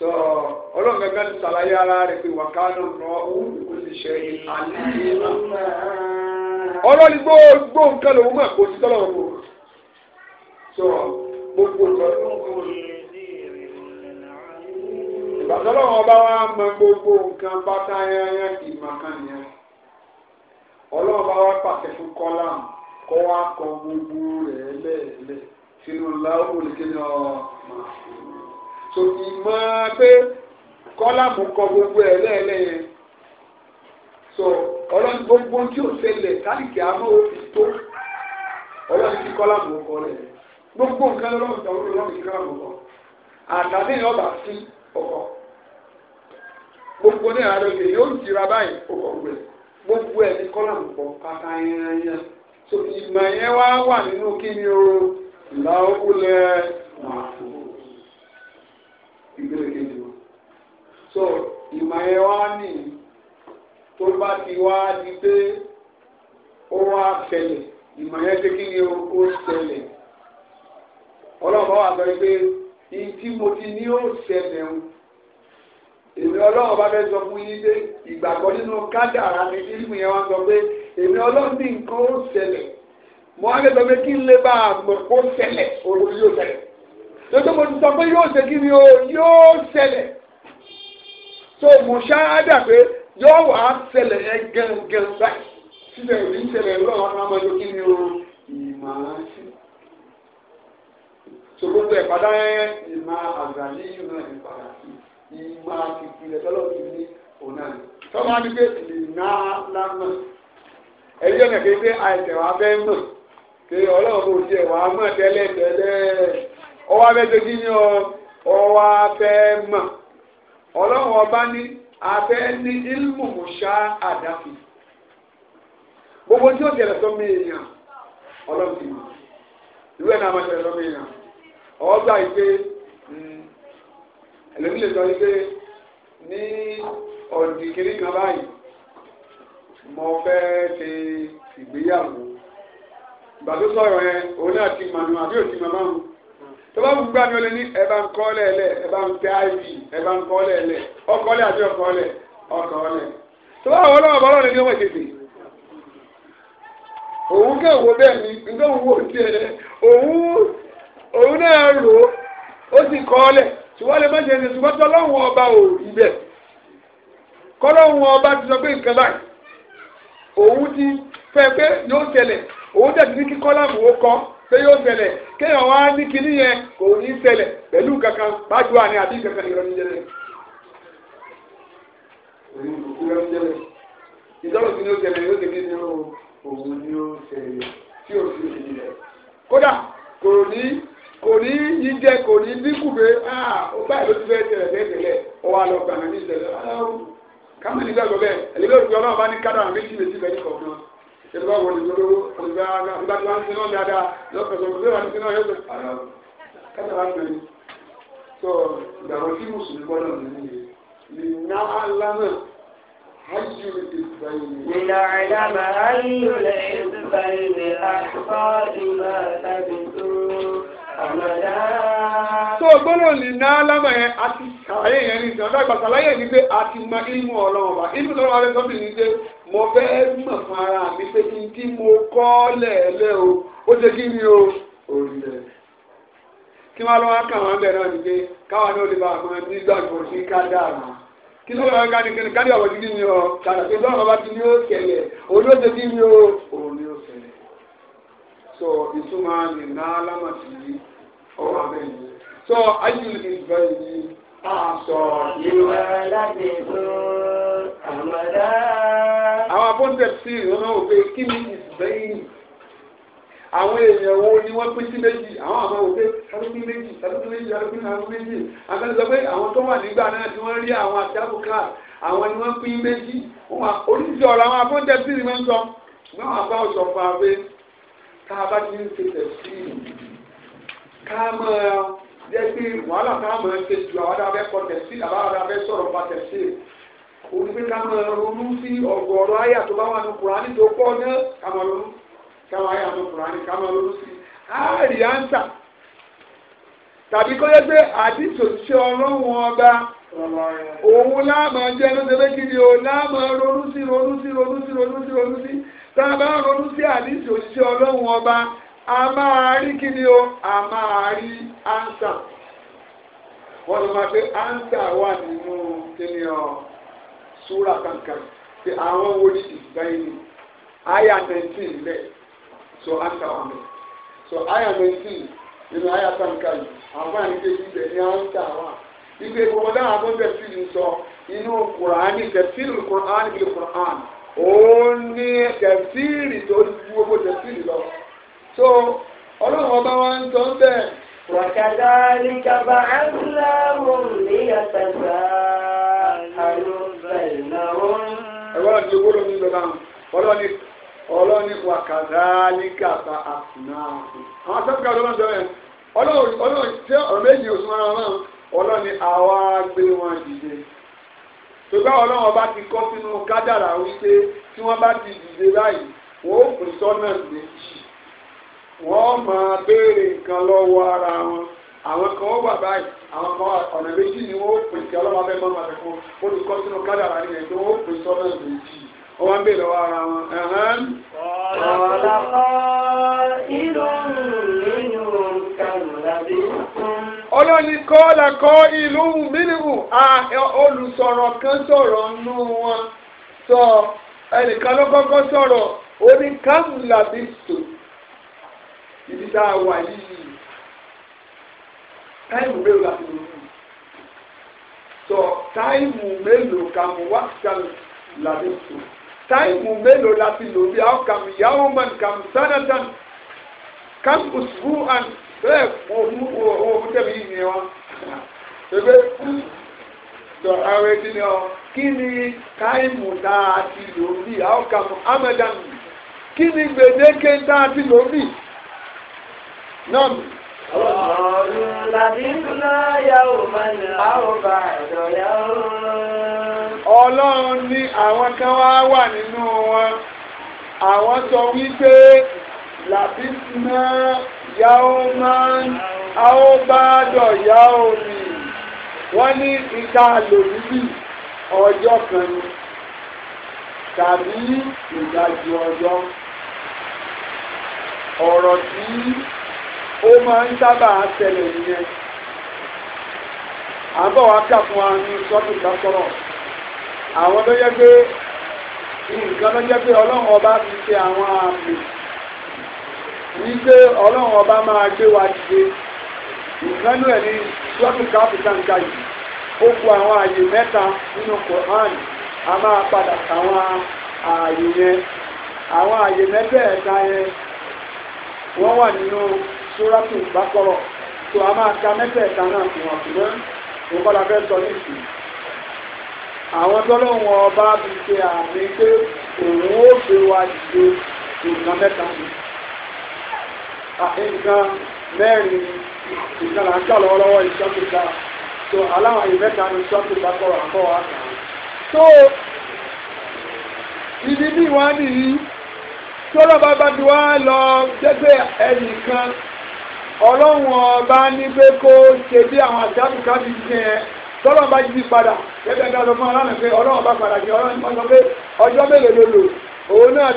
sọ ọlọ́run gẹ́gẹ́ ti ṣàlàyé ara rẹ̀ pé wàkánù rọ òun kò sì ṣe àlẹ́ ọlọ́run gbogbo nǹkan lòun mọ̀ kò sí tọ́lọ́run kò sọ gbogbo nǹkan. ìbàtọ́lọ́run ọba wa mọ̀ gbogbo nǹkan bàtà yányá ìmọ̀kànnìyàn ọlọ́run bá wá pàṣẹ fún kọ́lá kọ́ wá kọ gbogbo rẹ̀ lẹ́ẹ̀lẹ́ sínú láwùjọ kí ni ọ̀ máa fi wọ́n. so ìmọ̀ pé kọ gbogbo ẹ̀ lẹ́ẹ̀lẹ́yẹ so ọlọ́run gbogbo tí ó ṣẹlẹ̀ káàkiri àmọ́ ó fi tó ọlọ́run tí kọ́lámù kọ gbogbo nǹkan lọ́rùn tàwọn ọlọ́run tí kọ́lámù kọ ọba sí ọkọ gbogbo ní yóò jìra báyìí ọkọ gbẹ gbogbo kọ kàkà so ìmọ̀ yẹn wá wà nínú kí ni o ìpele kejì wọn. so ìmọ̀ ẹ̀ wá nì tó bá ti wá di pé ó wá ṣẹlẹ̀ ìmọ̀ ẹ̀ ṣe kí ni ó ṣẹlẹ̀ ọlọ́run wà sọ pé ìyí tí mo ti ní ó ṣẹlẹ̀ o èmi ọlọ́run bá fẹ́ sọ fún yín pé ìgbàgbọ́ nínú kádàrá ni ìlú yẹn wá sọ pé èmi ọlọ́run ní nǹkan ó ṣẹlẹ̀ mo wá lè sọ pé kí n lè bá a mọ̀ ó ṣẹlẹ̀ òun yóò ṣẹlẹ̀ lójú mo ti sọ pé yóò ṣe kí ni o yóò ṣẹlẹ̀ tó mo ṣáádà pé yóò wá ṣẹlẹ̀ ẹ gangan báyìí síbẹ̀ ò ní ṣẹlẹ̀ lọ́wọ́ àwọn ọmọ yóò kí ni o ìmọ̀ ṣe. sòkòtò ẹ̀ padà ẹ̀ ìmọ̀ àgbà ní ìmọ̀ ìpadà ìmọ̀ àti ìpìlẹ̀ tọ́lọ̀ ti ní òun náà tọ́lá ní pé ìná lánà ẹ̀yọ́ nà pé pé àìsàn wa fẹ́ mọ̀ pé ọlọ́run kò tiẹ̀ wá mọ̀ tẹ́lẹ̀ tẹ́lẹ̀ ó wá fẹ́ segin ní ọ ọ ọlọ́run ọba ní afẹ́ ní ilmu mọ̀ṣá adafi. gbogbo tí ó tẹ̀lé sọ́mi èèyàn ọlọ́run ti mọ̀ ìwé náà máa tẹ̀lé sọ́mi èèyàn ọgbà yìí pé hmm, ẹlẹ́mìlẹ̀ sọ yìí pé ní ọ̀dì kiri kan báyìí mo fẹ́ ṣe ìgbéyàwó ìgbà tó sọ̀rọ̀ yẹn òun náà ti mọ̀ nù àbí òtí mọ̀ márùn tọ́ba gbogbo àmì ní ẹ̀bá ń kọ́ lẹ́lẹ̀ ẹ̀bá ń ẹ̀bá ń kọ́ àti ọkọ̀lẹ̀ ọkọ̀lẹ̀ tọ́ba àwọn ọlọ́wọ́ ní ọmọ ìkejì òun kẹ́ wo bẹ́ẹ̀ ni nígbà òun wò tiẹ̀ òun òun náà rò ó sì kọ́ ṣùgbọ́n lè ṣùgbọ́n ti ṣé yóò ṣẹlẹ̀ kéèyàn wá ní kinní yẹn kò ní ṣẹlẹ̀ pẹ̀lú kankan bájú àní àbí kankan ìrọ̀ ní jẹlẹ̀ ìrọ̀ sí ni ó ṣẹlẹ̀ yóò ṣe kí ni òun ni ó ṣẹlẹ̀ tí ò sí ìṣẹ̀lẹ̀ kódà kò ní kò ní jíjẹ kò ní dínkùbé ó báyìí ló ti fẹ́ ṣẹlẹ̀ bẹ́ẹ̀ tẹ́lẹ̀ ó wà lọ gbàgbà ní ìṣẹ̀lẹ̀ kámẹ́ni gbàgbọ́ bẹ́ẹ̀ ẹ̀lẹ́gbẹ̀rún ọlọ́run bá ní kádàrà méjì méjì bẹ́ẹ̀ ní kọ̀ọ̀kan ìlú àwọn olùdókòwò olùgbà nígbà tí wọ́n ń sinú dáadáa lọ́kọ̀ọ́sọ̀ olùgbà wọn ń sinú yóò sọ ara kẹta wá pẹ̀lú. tó ìgbàgbọ́ tí mùsùlùmí gbọ́dọ̀ nìyí ni náà lánà hajj ìsìbáyìí. ìlà ìlànà ayélujára ìsìbáyìí àkọ́kọ́ ìmọ̀ tàbí tó. tó gbọ́dọ̀ lè ná lámà yẹn ti yẹn ní ìsìn ọ̀dọ́ ni pé a ti mọ ilmu ọlọ́run wa ilmu ọlọ́run wa lè sọ́bì ní pé mo fẹ́ mọ̀ fún ara mi pé kí n tí mo kọ́ lẹ̀ẹ́lẹ́ o ó ṣe kí ni o òrìlẹ̀ kí wọ́n lọ wá kàn wọ́n bẹ̀rẹ̀ pé káwọn àwọn ní ó ọwọ́ abẹ́ You sọ ayélujára ìgbà yìí aṣọ ìwà láti fún àmàlà. àwọn abọ́ndẹ̀ sí ìrànà òwe kí ni ìsìnbẹ́yìn àwọn èèyàn wo ni wọ́n pín sí méjì àwọn àmọ́ òwe alópin méjì alópin méjì alópin alópin méjì àgbẹ̀ni sọ pé àwọn tó wà nígbà náà ni wọ́n rí àwọn àti àbùkà àwọn ni wọ́n pín méjì oríṣiríṣi ọ̀rọ̀ àwọn abọ́ndẹ̀ sí ìrànà sọ ṣùgbọ́n àwọn àbá ọ̀sọ̀ fún abẹ́ tá a bá ti ń ṣe tẹ̀síì ká máa jẹ́ pé wàhálà ká máa ṣe ju àwọn adáfẹ́ kọ tẹ̀sí àwọn adáfẹ́ sọ̀rọ̀ pa tẹ̀sí olùgbé ká máa ronú sí ọ̀gọ̀ọ̀rọ̀ àyà tó bá wà ní kùránì tó pọ̀ náà ká máa ronú ká máa yà ní kùránì ká máa ronú sí àárí àǹtà tàbí kó yẹ pé àdìsòṣìṣẹ́ ọlọ́run ọba òun láàmà jẹ́ ló ṣe o láàmà ronú sí ronú sí ronú sí ronú sí ronú sí tá a bá ronú sí àdìsòṣìṣẹ́ ọlọ́run ọba a máa rí kí ni o a máa rí ánsà wọ́n lọ máa pé ánsà wà nínú kí ni ọ súrà kankan pé àwọn wo ni ìgbàyìí àyà nineteen bẹ́ẹ̀ so ánsà wà mẹ́ so àyà nineteen nínú àyà kankan yìí àwọn àyìnkè yìí bẹ̀ ní ánsà wà ìgbé gbogbo dáhà tó ń bẹ̀ sí ni sọ inú kùránì tẹ̀síìlì kùránì bíi kùránì òun ní tẹ̀síìlì tó gbogbo tẹ̀síìlì lọ so ọlọ́run ọba wa ń sọ bẹ́ẹ̀. وكذلك بعثناهم ليتساءلوا بينهم. ẹ̀wọ́n ti wúlò ní bàbá ọlọ́ni ọlọ́ni وكذلك بعثناهم. àwọn asẹ́pẹ́ká ọlọ́run sọ bẹ́ẹ̀ ọlọ́run ọlọ́run tí ọ̀rọ̀ méjì oṣù mọ́ra náà ọlọ́ni àwa gbé wọn dìde ṣùgbọ́n ọlọ́run ọba ti kọ́ sínú kádàrà wípé tí wọ́n bá ti dìde báyìí wọ́n ó pè sọ́nà méjì. wọ́n máa béèrè nǹkan lọ́wọ́ ara wọn àwọn kan ó wà báyìí àwọn kan ọ̀nà méjì ni wọ́n pè sí abẹ́ mọ́mọ́ àti fún olùkọ́ sínú kádàrá ni ẹ̀ wọ́n ó pè sọ́nà méjì wọ́n wá ń bèèrè lọ́wọ́ ara wọn. olóòní kọ́ọ̀lá kọ́ ìlú mílíọ̀nù olùsọ̀rọ̀ kan sọ̀rọ̀ nù wọn sọ ẹnìkan ló kọ́kọ́ sọ̀rọ̀ làbí sùn. ibi tá a wà yìí táìmù mélòó la fi lò ó sọ táìmù mélòó ka mo wá kàmi làdé tó táìmù mélòó la fi lò bí àwọn kàmi yàwó man kàmi sanatan kàmi òṣùwò àn bẹ́ẹ̀ mo mú òun tẹ̀mí yìí nìyẹn wa ebe dọ̀ ara ẹni ni ọ kí ni táìmù tá a ti lò bí àwọn kàmi amadan kí ni gbèdéke tá a ti lò bí. نعم قالوا لبثنا يوما أو بعد يوم ọlọ́run ní àwọn kan wá wà nínú wọn àwọn sọ wípé làbísínà yàó máa ń àóbádọ̀ yàó mi wọ́n ní ìka lòlíbì ọjọ́ kan ni tàbí ìdajì ọjọ́ ọ̀rọ̀ tí. ó máa ń sábà ṣẹlẹ̀ nìyẹn àbọ̀ wá kà fún wa ní sọ́tù ká àwọn tó jẹ́ pé nǹkan tó jẹ́ pé ọlọ́run ọba ti ṣe àwọn àmì wípé ọlọ́run ọba máa gbé wa dìde nǹkan ẹ̀ ní sọ́tù ń yìí ó ku àwọn àyè mẹ́ta nínú Quran a máa padà àwọn àyè yẹn àwọn àyè mẹ́tẹ̀ẹ̀ta yẹn wọ́n wà nínú. sóràtù ìbákọ̀rọ̀ tó a máa ka mẹ́tẹ̀ẹ̀ta náà fi hàn ṣùgbọ́n òun kọ́ la fẹ́ sọ ní ìsìn. àwọn tọ́lọ́wọ́n ọba fi ṣe àmì pé òun ó gbé wa dìde nǹkan mẹ́ta ni. nǹkan mẹ́rin nǹkan là ń kà lọ́wọ́lọ́wọ́ ìṣọ́kùtà tó aláwọ̀ ìmẹ́ta ni ìṣọ́kùtà kọ̀ àkọ́ wa kà á. tó ibi bí wọ́n tọ́lọ́ bá bá ti wá lọ jẹ́gbẹ́ ẹnìkan. ọlọ́run ọba ní pé kó ṣe bí àwọn àtàkùnkàbí ti ẹ tọ́lọ́ bá yí padà gẹ́gẹ́ bí ọlọ́run fún aláàmì pé ọlọ́run bá padà kí ọlọ́run pé ọjọ́ mélòó ló òun náà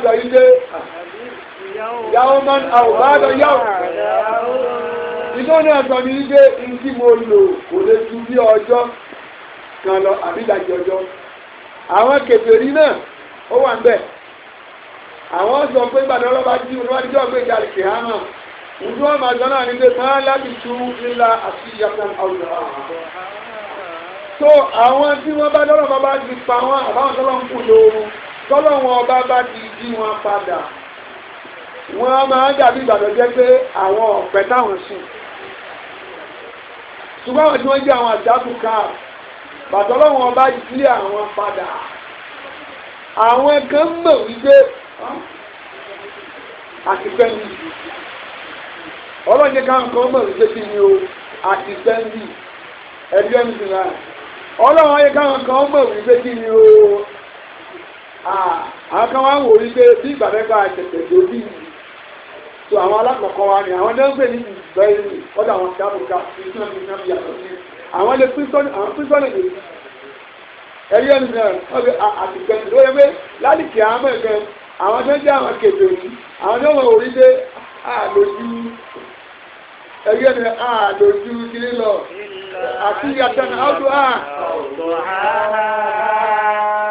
yàwó máa ń yàwó. ìjọ náà ní mo lò kò lè bí ọjọ́ ìjọ ọmọ àjọ náà nílé máa láti tú nílá àti ìyàtọ̀ àwùjọ so àwọn tí wọ́n bá lọ́rọ̀ bá bá ti pa wọn àbáwọn tọ́lọ́ ń kú lóoru tọ́lọ́ wọn ọba bá ti di wọn padà wọ́n máa dàbí ìbàdàn jẹ́ pé àwọn ọ̀pẹ táwọn sùn ṣùgbọ́n àwọn tí wọ́n jẹ́ àwọn àjàkúkà bàtọ́ lọ́wọ́n ọba ilé àwọn padà àwọn kan mọ̀ wípé àti pẹ́ẹ́lú ọlọ́run yẹn ká nǹkan mọ̀ wípé kí ni o àti sẹ́ńdì ẹgbẹ́ mi sì náà ọlọ́run yẹn ká nǹkan mọ̀ wípé kí ni o àwọn kan wá ń wò wípé bí ìgbà mẹ́fà tẹ̀tẹ̀ tó bí so àwọn alákọ̀ọ́kọ́ wa ni àwọn náà ń pè ní ìgbẹ́ ìlú ọ̀dọ̀ àwọn káàbùkà ìṣúná mi náà yàtọ̀ sí àwọn ilé pírísọ́nì àwọn pírísọ́nì lè ẹ̀rí ẹ̀mí náà wọ́n fi àtìgbẹ́ ìlú wọ́n pé lálìkì àmọ́ ẹ̀gbẹ́ àwọn tó ń jẹ́ àwọn kèbèrè àwọn ẹ̀yẹ́ ni a lò ju kiri lọ àti yàtọ̀ náà ọdún a.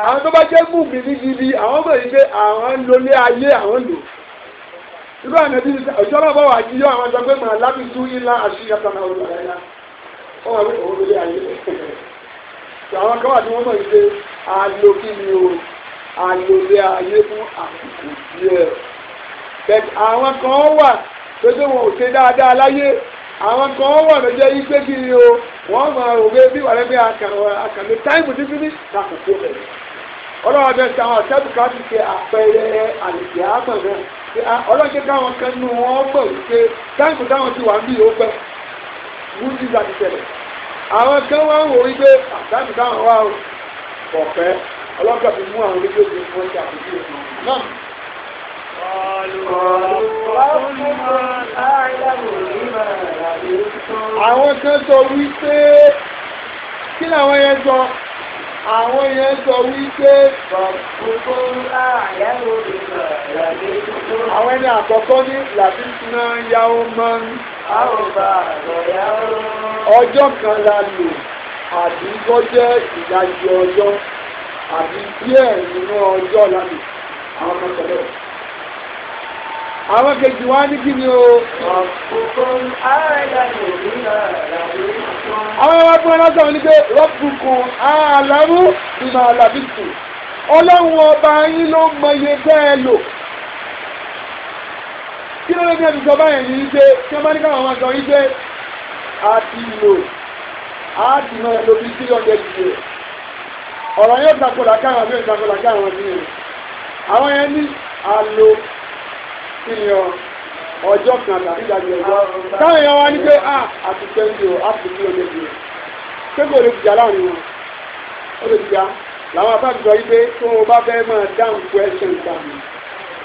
àwọn tó bá jẹ́ mùmí ní gidi àwọn mọ̀ yìí pé àwọn ń lo ilé ayé àwọn lò irú àná bí ọjọ́ náà bá wà jíyọ́ àwọn ọjọ́ pé màá lábì tú ilá àti yàtọ̀ náà ọdún a. wọ́n wà pé òun ló lé ayé àwọn kan wà tí wọ́n mọ̀ yìí pé a lo kí ni o a lo ilé ayé fún àsìkò díẹ̀ bẹ́ẹ̀ àwọn kan wà pépé wọn ò ṣe dáadáa láyé àwọn kan wọ̀ ló jẹ́ yípe kí ni o wọ́n máa òwe bí wà lẹ́gbẹ́ àkànní táìmù títí ní àkókò rẹ̀ ọlọ́wọ́n bẹ sàwọn àtẹ́bù ká ti ṣe àpẹẹrẹ àlèkè àmọ̀ náà ah, ọlọ́jẹ́ káwọn kan nu wọn mọ̀ wípé táìmù táwọn ti wà níbi òpẹ́ wúdí láti tẹ̀lẹ̀ àwọn kan wá ń wò wípé ah, táìmù táwọn wà ọ̀pẹ́ ọlọ́jọ́ fi mú àwọn onígbèsè fún ọjà àkókò náà àwọn kan sọ wípé kí làwọn yẹn sọ àwọn yẹn sọ wípé àwọn ẹni àkọ́kọ́ ní làbísínà yàwó máa ń ọjọ́ kan la lò àbí tó jẹ́ ìdajì ọjọ́ àbí díẹ̀ nínú ọjọ́ la lò àwọn ọmọ sọ̀rọ̀ àwọn kejì wá ní kí ni o. àwọn ọmọ ẹgbẹ́ lọ́sàn-án ní pé rọ́pùkùn àlàmú ìmọ̀ àlàbìtù ọlọ́run ọba yín ló mọye bẹ́ẹ̀ lò kí ló lè bí ẹ̀dùn sọ báyẹn yìí ṣe kí wọ́n bá ní káwọn máa sọ yìí ṣe àti lò àti máa lo bí three hundred years ọ̀rọ̀ yóò takola káwọn àbí ìtakola káwọn sí i àwọn yẹn ní àlò. kí ni ọjọ́ kan tàbí ìdajì ọjọ́ táwọn èèyàn wá ní pé a àti ndị o àti kí omi bì í lè fìjà láàrin wọn ó lè yí pé tó bá fẹ́ máa dáhùn question gbà mí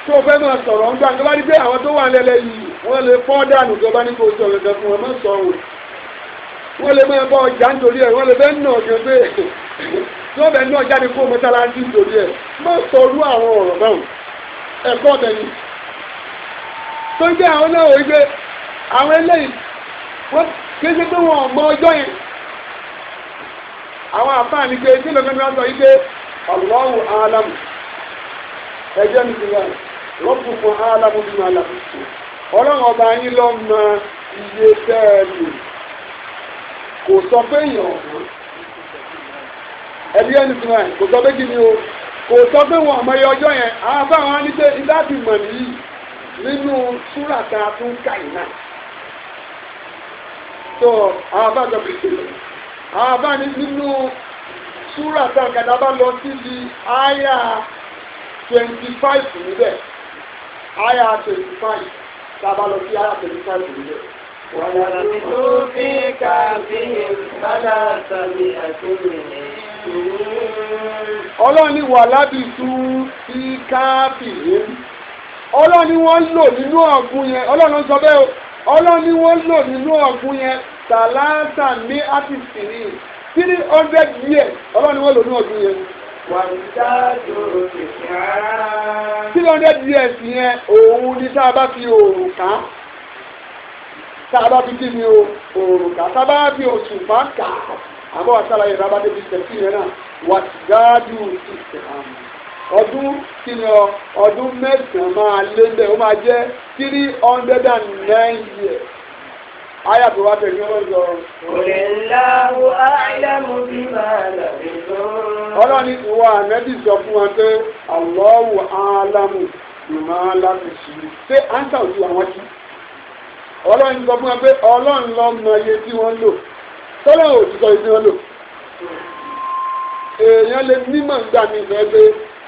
tó o fẹ́ máa sọ̀rọ̀ ń gbà tó bá ní pé àwọn tó wà lẹ́lẹ́ yìí wọ́n lè fọ́ ọjà nítorí ẹ̀ wọ́n lè fẹ́ nà tó ń jẹ́ àwọn náà wọ́n gbé àwọn eléyìí wọ́n kí ṣe pé wọ́n mọ ọjọ́ yẹn àwọn àfáàní pé tí lọ́gbẹ́ni wá sọ yìí pé Allahu alamu ẹjẹ́ mi ti wá lọ́pù fún alamu bí màá làbí ọlọ́run ọba yín lọ mọ iye bẹ́ẹ̀lì kò sọ pé èèyàn ẹbí ẹni tí wá kò sọ pé kí ni o kò sọ pé wọn ọmọ iye ọjọ́ yẹn àwọn afáàwọn á ní pé ìdáàbì mọ̀ nìyí. nínú súrà tá a tún kà yìí náà tó àwọn bá jọ kékeré àwọn nínú súrà tá a bá lọ síbi àyà twenty five níbẹ̀ àyà twenty five tá a bá lọ sí àyà twenty five níbẹ̀. ولبثوا في كعبهم ثلاثمائة سنين. káàpì yìí ọlọ́run ni wọ́n lò nínú ọ̀gbun yẹn ọlọ́run sọ bẹ́ẹ̀ o ọlọ́run ni wọ́n lò nínú ọ̀gbun yẹn tàlátà ní àtìsí ní three hundred years ọlọ́run ni wọ́n lò nínú ọ̀gbun yẹn. three hundred years yẹn òun ni tá a bá fi òòrùn ká tá a bá fi kí ni òòrùn ká tá a bá fi òṣùpá ká àbọ̀ àṣàlàyé ìrábàdé bíi tẹ̀sí yẹn náà wàtí dáadùn ìsìlámù. ọdún kìíní ọdún mẹ́sàn-án máa lé bẹ́ẹ̀ ó máa jẹ́ three hundred and nine years. Aya tó wá tẹ̀lé wọn lọ. Òlèláwo àìlẹ́mú bí máa làbí Ọlọ́ni sọ fún wa pé ló máa láti sí i. Ṣé áńsà àwọn sí? Ọlọ́ni sọ fún wa lọ mọ iye tí wọ́n lò. Tọ́lọ́ òtítọ́ iye tí wọ́n lò. Èèyàn lè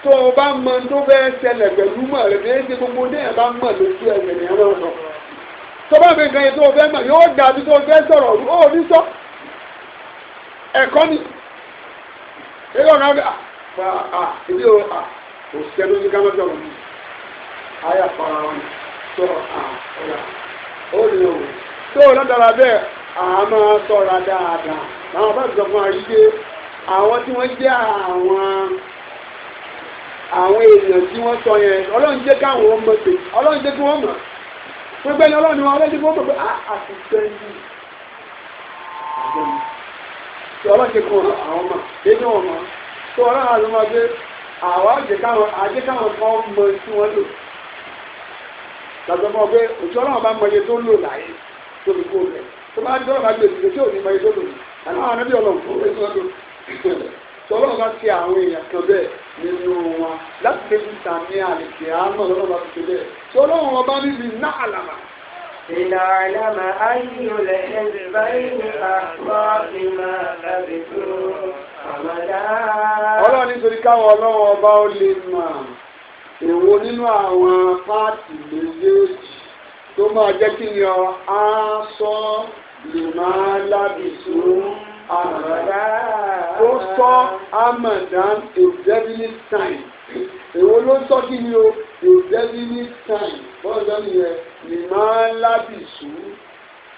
tó o bá mọ tó bẹ́ẹ̀ ṣẹlẹ̀ pẹ̀lú mọ̀ rẹ̀ bí ẹ̀ṣẹ̀ gbogbo náà bá mọ̀ lójú ẹ̀ṣẹ̀ ni ẹ̀rọ sọ. tó bá fi nǹkan yẹn tó o fẹ́ mọ̀ yóò dà bí tó o fẹ́ sọ̀rọ̀ ó ní sọ. ẹ̀kọ́ ni eré ọ̀nà ọ̀gá ìdí o òṣìṣẹ́ ló ní ká má sọ̀rọ̀ mi ayé àpárá wọn sọ ọ̀la ó ní o tó o lọ́dọ̀ra bẹ́ẹ̀ àá máa sọ̀ra dáadáa làwọn bá ti sọ fún wa rí pé àwọn tí wọ́n jẹ́ àwọn àwọn èèyàn tí wọ́n sọ yẹn ọlọ́run jẹ́ káwọn ọmọ pé ọlọ́run jẹ́ kí wọ́n mọ̀ gbogbo ẹni ọlọ́run ọlọ́run jẹ́ kí wọ́n mọ̀ pé àtúntẹ́ ah, yìí tí ọlọ́run jẹ́ káwọn tí wọ́n lò pé òtí ọlọ́run bá tó lò láyé tó fi kó rẹ̀ tó bá dọ́rọ̀ bá gbèsè tọ́lọ́ bá ṣe àwọn èèyàn kan bẹ́ẹ̀ nínú wọn láti lè fi sàmì àlèkè àmọ́ lọ́wọ́ bá ti ṣe bẹ́ẹ̀ tọ́lọ́ wọn bá níbi ná àlàmà. ìlà àlàmà ayélujára ẹ̀sìn báyìí àpá ìmọ̀ àbẹ̀tò àmàlà. ọlọ́run nítorí káwọn ọlọ́run ọba ó lè mọ̀ èwo nínú àwọn páàtì méjèèjì tó máa jẹ́ kí ni ọ á sọ lè máa lábìsùn ó sọ amadan a definite time èwo ló sọ kí ni o a definite time bọ́ọ̀lù lọ́nà yẹn ni máa ń lábìsú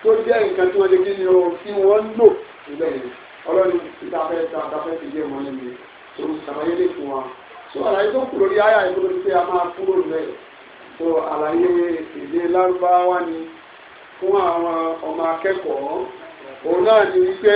tó jẹ́ nǹkan tí wọ́n ti kí ni o kí wọ́n lò nílẹ̀ yìí ọlọ́run ìta fẹ́ ta ta fẹ́ ti yé wọn níbi tó sàlàyé lè fún wa tó àlàyé tó kù lórí àyà ìgbóni pé a máa kúrò lẹ̀ tó àlàyé èdè lárúbáwá ni fún àwọn ọmọ akẹ́kọ̀ọ́ òun náà ni wípé.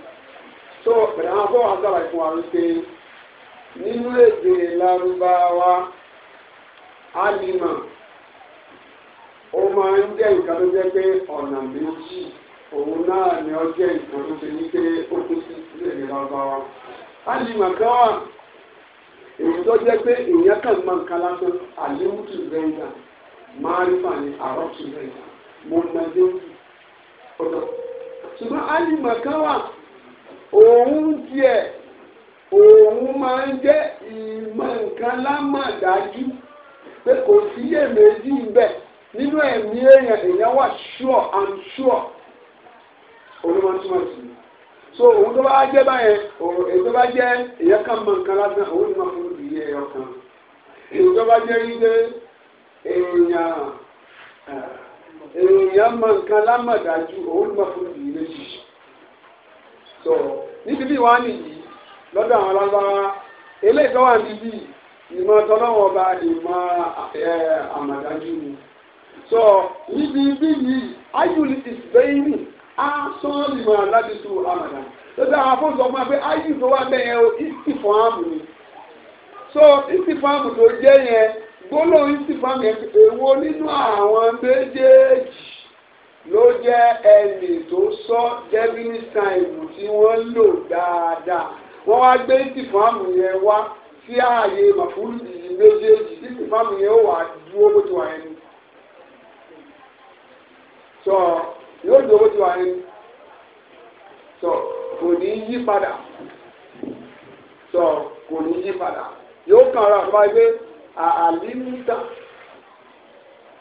so pẹ̀lú àwọn fọwọ́ àgbàlá ìfún wa wípé nínú èdè lárúbáwá alima ó máa ń jẹ́ nǹkan tó jẹ́ pé ọ̀nà méjì òun náà ni ó jẹ́ nǹkan tó ṣe ní pé ó kú sí èdè lárúbáwá alima kan wà èyí tó jẹ́ pé èèyàn kan máa ń kan lásán àléwùtù rẹ̀ǹdà márífà ni àrọ́tù rẹ̀ǹdà mo ọ̀dọ̀ ṣùgbọ́n alima kan wà. òun tiẹ̀ òun máa ń jẹ́ ìmọ̀ nǹkan lámàdájú pé kò sí iyèméjì nínú ẹ̀mí èèyàn èèyàn wà sure and sure olúmọ so òun tó bá jẹ́ báyẹn òun tó bá jẹ́ èèyàn kan mọ̀ nǹkan lásán òun ni wọ́n fún so níbi bí wàá nìyí lọ́dọ̀ àwọn alágbára eléyìí tó wà níbí ìmọ̀ tọ́lọ́wọ́ bá ìmọ̀ àmàdájú ni so níbi bí yìí ayùlì ìsìbẹ́yìnì á sọ́ọ́ ìmọ̀ aládìsú àmàdá lọ́dọ̀ àwọn afọ́sọ́ fún pé ayù tó wà o àmù ni so ìsìfọ́ àmù tó jẹ́ yẹn gbólóhùn ìsìfọ́ àmù yẹn èwo nínú ló jẹ́ ẹnì tó sọ dẹ́bínísàìmù tí wọ́n lò dáadáa wọ́n wá gbé ìtìfọ́ọ̀mù yẹn wá sí ààyè màfúrú yìí méjèèjì tí ìtìfọ́ọ̀mù yẹn wà dúró bó ti wà yẹn ni sọ yóò dúró bó ti wà yẹn ni sọ kò ní yí padà sọ kò ní yí padà yóò kàn ra àfọwọ́ ẹgbẹ́ àlímúta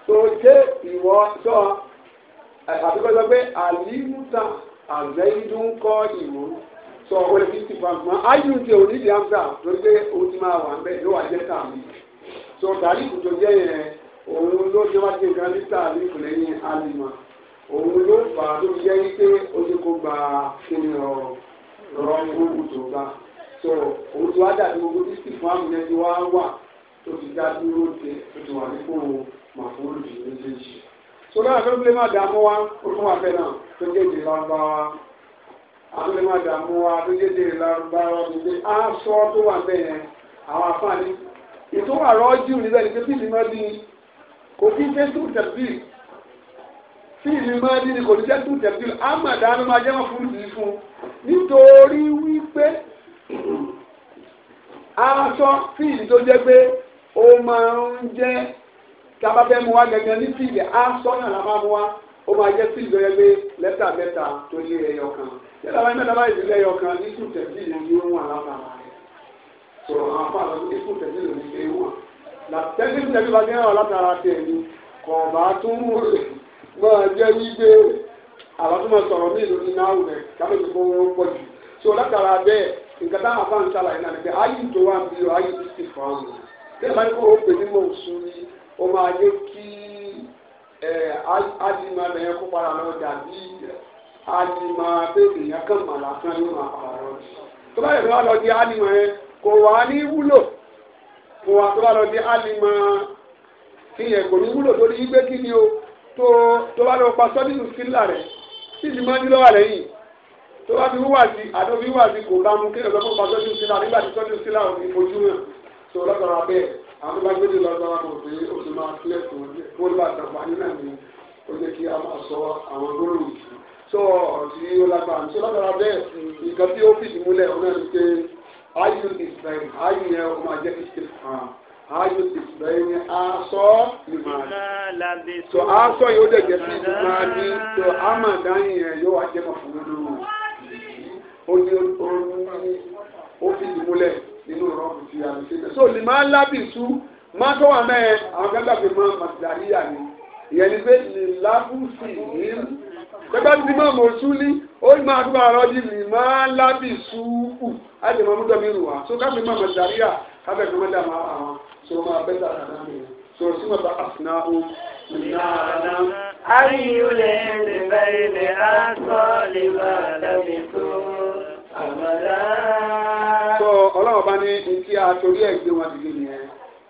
tó jẹ́ ìwọ sọ. So, àbíkọ́ sọ pé àlìmúta àzẹ́yìndún kọ́ ìmú sọ wọlé fífi fanfan ayé ti òní di amsa torí pé o ti máa wà ń bẹ yóò wá jẹ́ tààmù sọ tààrí ìkùtò jẹ́ yẹn òun ló jẹ́ wá sí nǹkan ní tààrí ìkùlẹ̀ yẹn alìmọ̀ òun ló fà á tó fi jẹ́ wípé ó ti kó gba kíni ọ̀rọ̀ rọ gbogbo tó gbà sọ òun tó wá dàbí gbogbo fífi fanfan yẹn ti wá wà tó fi dá dúró tẹ tó ti wà nípò màfúrú méjèèjì sọlá àti ọ̀gbìn má dààmú wa orúkọ wa fẹ́ náà tó jẹ́ ìdè lárúbáwá àtúndé má dààmú wa tó jẹ́ ìdè lárúbáwá tó jẹ́ aṣọ tó wà bẹ́ẹ̀ yẹn àwọn afáàní ìtúwà rọ́ọ̀jù níbẹ̀ ni pé fíìlì má bí kò sí fẹ́sùn tẹ̀bí fíìlì má bí ni kò sí fẹ́sùn tẹ̀bí amàdánù má jẹ́ wọn fún yìí fún nítorí wípé aṣọ fíìlì tó jẹ́ pé ó máa ń jẹ́ tí a mu wá gẹ́gẹ́ ní sílẹ̀ á sọ́nà la máa mu wá ó máa jẹ́ sílẹ̀ yẹn pé lẹ́tà mẹ́ta tó lé ẹyọ kan yẹ́tà bá mẹ́ta bá yẹ lé ẹyọ kan nísù tẹ̀sí ni yóò wà lápá rẹ̀ sọ̀rọ̀ àwọn afọ àlọ́ nísù tẹ̀sí ló ní ṣe wà tẹ̀sí tẹ̀sí bá gẹ́rẹ́ wà látara tẹ̀ ní kọ̀ọ̀bá tún mú rẹ̀ máa jẹ́ wípé àbátúmọ̀ sọ̀rọ̀ mí lórí náà rẹ̀ kábíyèsí kó wọ́n pọ̀ jù so látara bẹ́ẹ̀ nǹkan táwọn afáǹsálà yìí náà ni pé ayé ìjọba ń bí ọ ayé ìdí ti fọ́ àwọn. bẹ́ẹ̀ bá ní kó o pè ní mọ̀ òsùn yìí ó máa yẹ kí alima rẹ̀ kó padà lọ dàbí alima bèbè yẹn kàn mà lásán yóò máa padà lọ sí. tó bá yẹ kó wá lọ di alima yẹn kò wá ní wúlò kò wá tó bá lọ di alima kí yẹn kò ní wúlò tó ní gbé kí ni o tó tó bá lọ pa sọ́dínù sílà rẹ̀ tí ìdí máa ń lọ́wọ́ rẹ̀ yìí tó bá fi wúwà sí àdó fi wúwà sí kò bá mú kí ẹ̀rọ lọ́kọ̀ pa sọ́dínù sílà nígbà tí sọ́dínù sílà ò ní fojú hàn tó lọ́kọ̀ọ́ abẹ́ẹ̀ àwọn tó bá gbé dìlọ lọ́wọ́ mọ̀ pé ó ti máa tilẹ̀ fún un kó lè bá dàgbà nínú ẹ̀mí ó yẹ kí a máa sọ àwọn gbólóhùn yìí tó ọ̀rọ̀ tí ó lágbára tí ó lágbára bẹ́ẹ̀ nǹkan tí ó fìdí múlẹ̀ ó náà ní pé ayé ìsìlẹ̀yìn ayé yẹn ó máa jẹ́ ìsìlẹ̀ hàn ayé ìsìlẹ̀yìn yẹn aṣọ ìmọ̀ tó aṣọ yìí ó dẹ̀ jẹ́ sí ìmọ̀ ní tó amadáyìn yẹn yóò wá jẹ́ mọ̀ fún lónìí ó múlẹ̀ nínú rọ́ọ̀bù tí a lè ṣe bẹ́ẹ̀. so lè máa lábìsú máa tó wà mẹ́ẹ̀ àwọn gbàgbà pé máa màtìláríyà ni ìyẹn ni pé lè lábùsì ní. pẹ́pẹ́ ti máa mọ̀ sú ní ó máa tó máa rọ́ọ̀jì lè máa lábìsú kù láti máa mú dọ́mi rù wá so káfí máa màtìláríyà káfẹ́ fi máa dà máa àwọn so máa bẹ́ẹ̀ tà náà nìyẹn so sí wọn bá àfúná ó nàánà. ayé ilé ìrìnlẹ̀ ilẹ̀ á sọ lè sọ ọlọ́run bá ní ntí a torí ẹ̀ gbé wọn dìde nìyẹn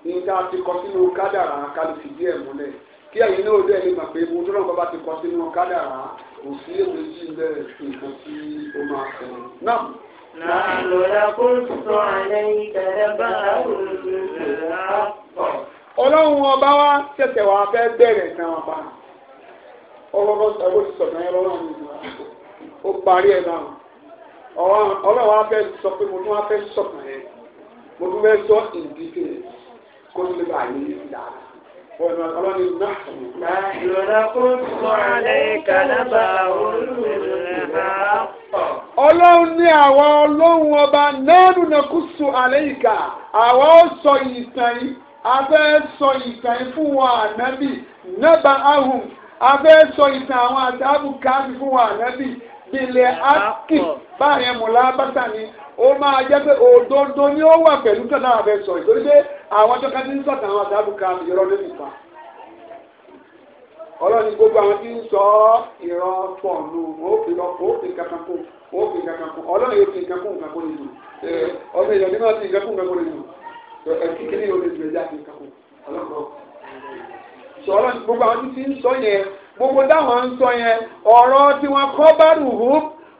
ní ká ti kọ sínú kádàrá kálí fìdí ẹ̀ múlẹ̀ kí ẹ̀yin náà dẹ̀ lè mọ̀ pé mo tó náà bá bá ti kọ sínú kádàrá kò sí èmi jí ń bẹ̀rẹ̀ sí nǹkan tí ó máa sọ̀rọ̀ náà. نحن نقص عليك نبأهم بالحق ọlọ́run ọba wa ṣẹ̀ṣẹ̀ wàá fẹ́ bẹ̀rẹ̀ náà pa ọlọ́run ọba ti sọ̀tàn ẹ̀rọ náà ó parí ẹ̀ náà ọlọ́wọ́ afẹ́ sọ pé mo tún afẹ́ sọ̀kan yẹn mo tún fẹ́ sọ ìdíje kó tó lè bá yé ìdá. Ọlọ́ni náà. Àyọ̀dá kó Ọlọ́run ní àwa ọlọ́run ọba náà kú sùn àlẹ́ Àwa ó sọ ìtàn yìí. A fẹ́ sọ ìtàn yìí fún wa ànábì. Nọ́bà ahùn. A fẹ́ sọ ìtàn àwọn àtàbùkà fún wa ànábì ilẹ̀ ákì báyẹn mùlá bàtà ni ó máa jẹ́ pé òdodo ni ó wà pẹ̀lú tó náà fẹ́ sọ ìtorí pé àwọn tó ká ti ń sọ̀tà àwọn àdáàbò kan ìrọ̀ ló nìpa ọlọ́ni gbogbo àwọn tí ń sọ ìrọ̀ pọ̀ nù ó fi lọ ó fi kankan kó ó fi kankan kó ọlọ́run yóò fi nǹkan kó nǹkan kó lè dùn ọmọ èèyàn nínú ọtí nǹkan kó nǹkan kó lè dùn yóò lè dùn gbogbo táwọn ń yẹn ọ̀rọ̀ tí kọ́ bá rùhù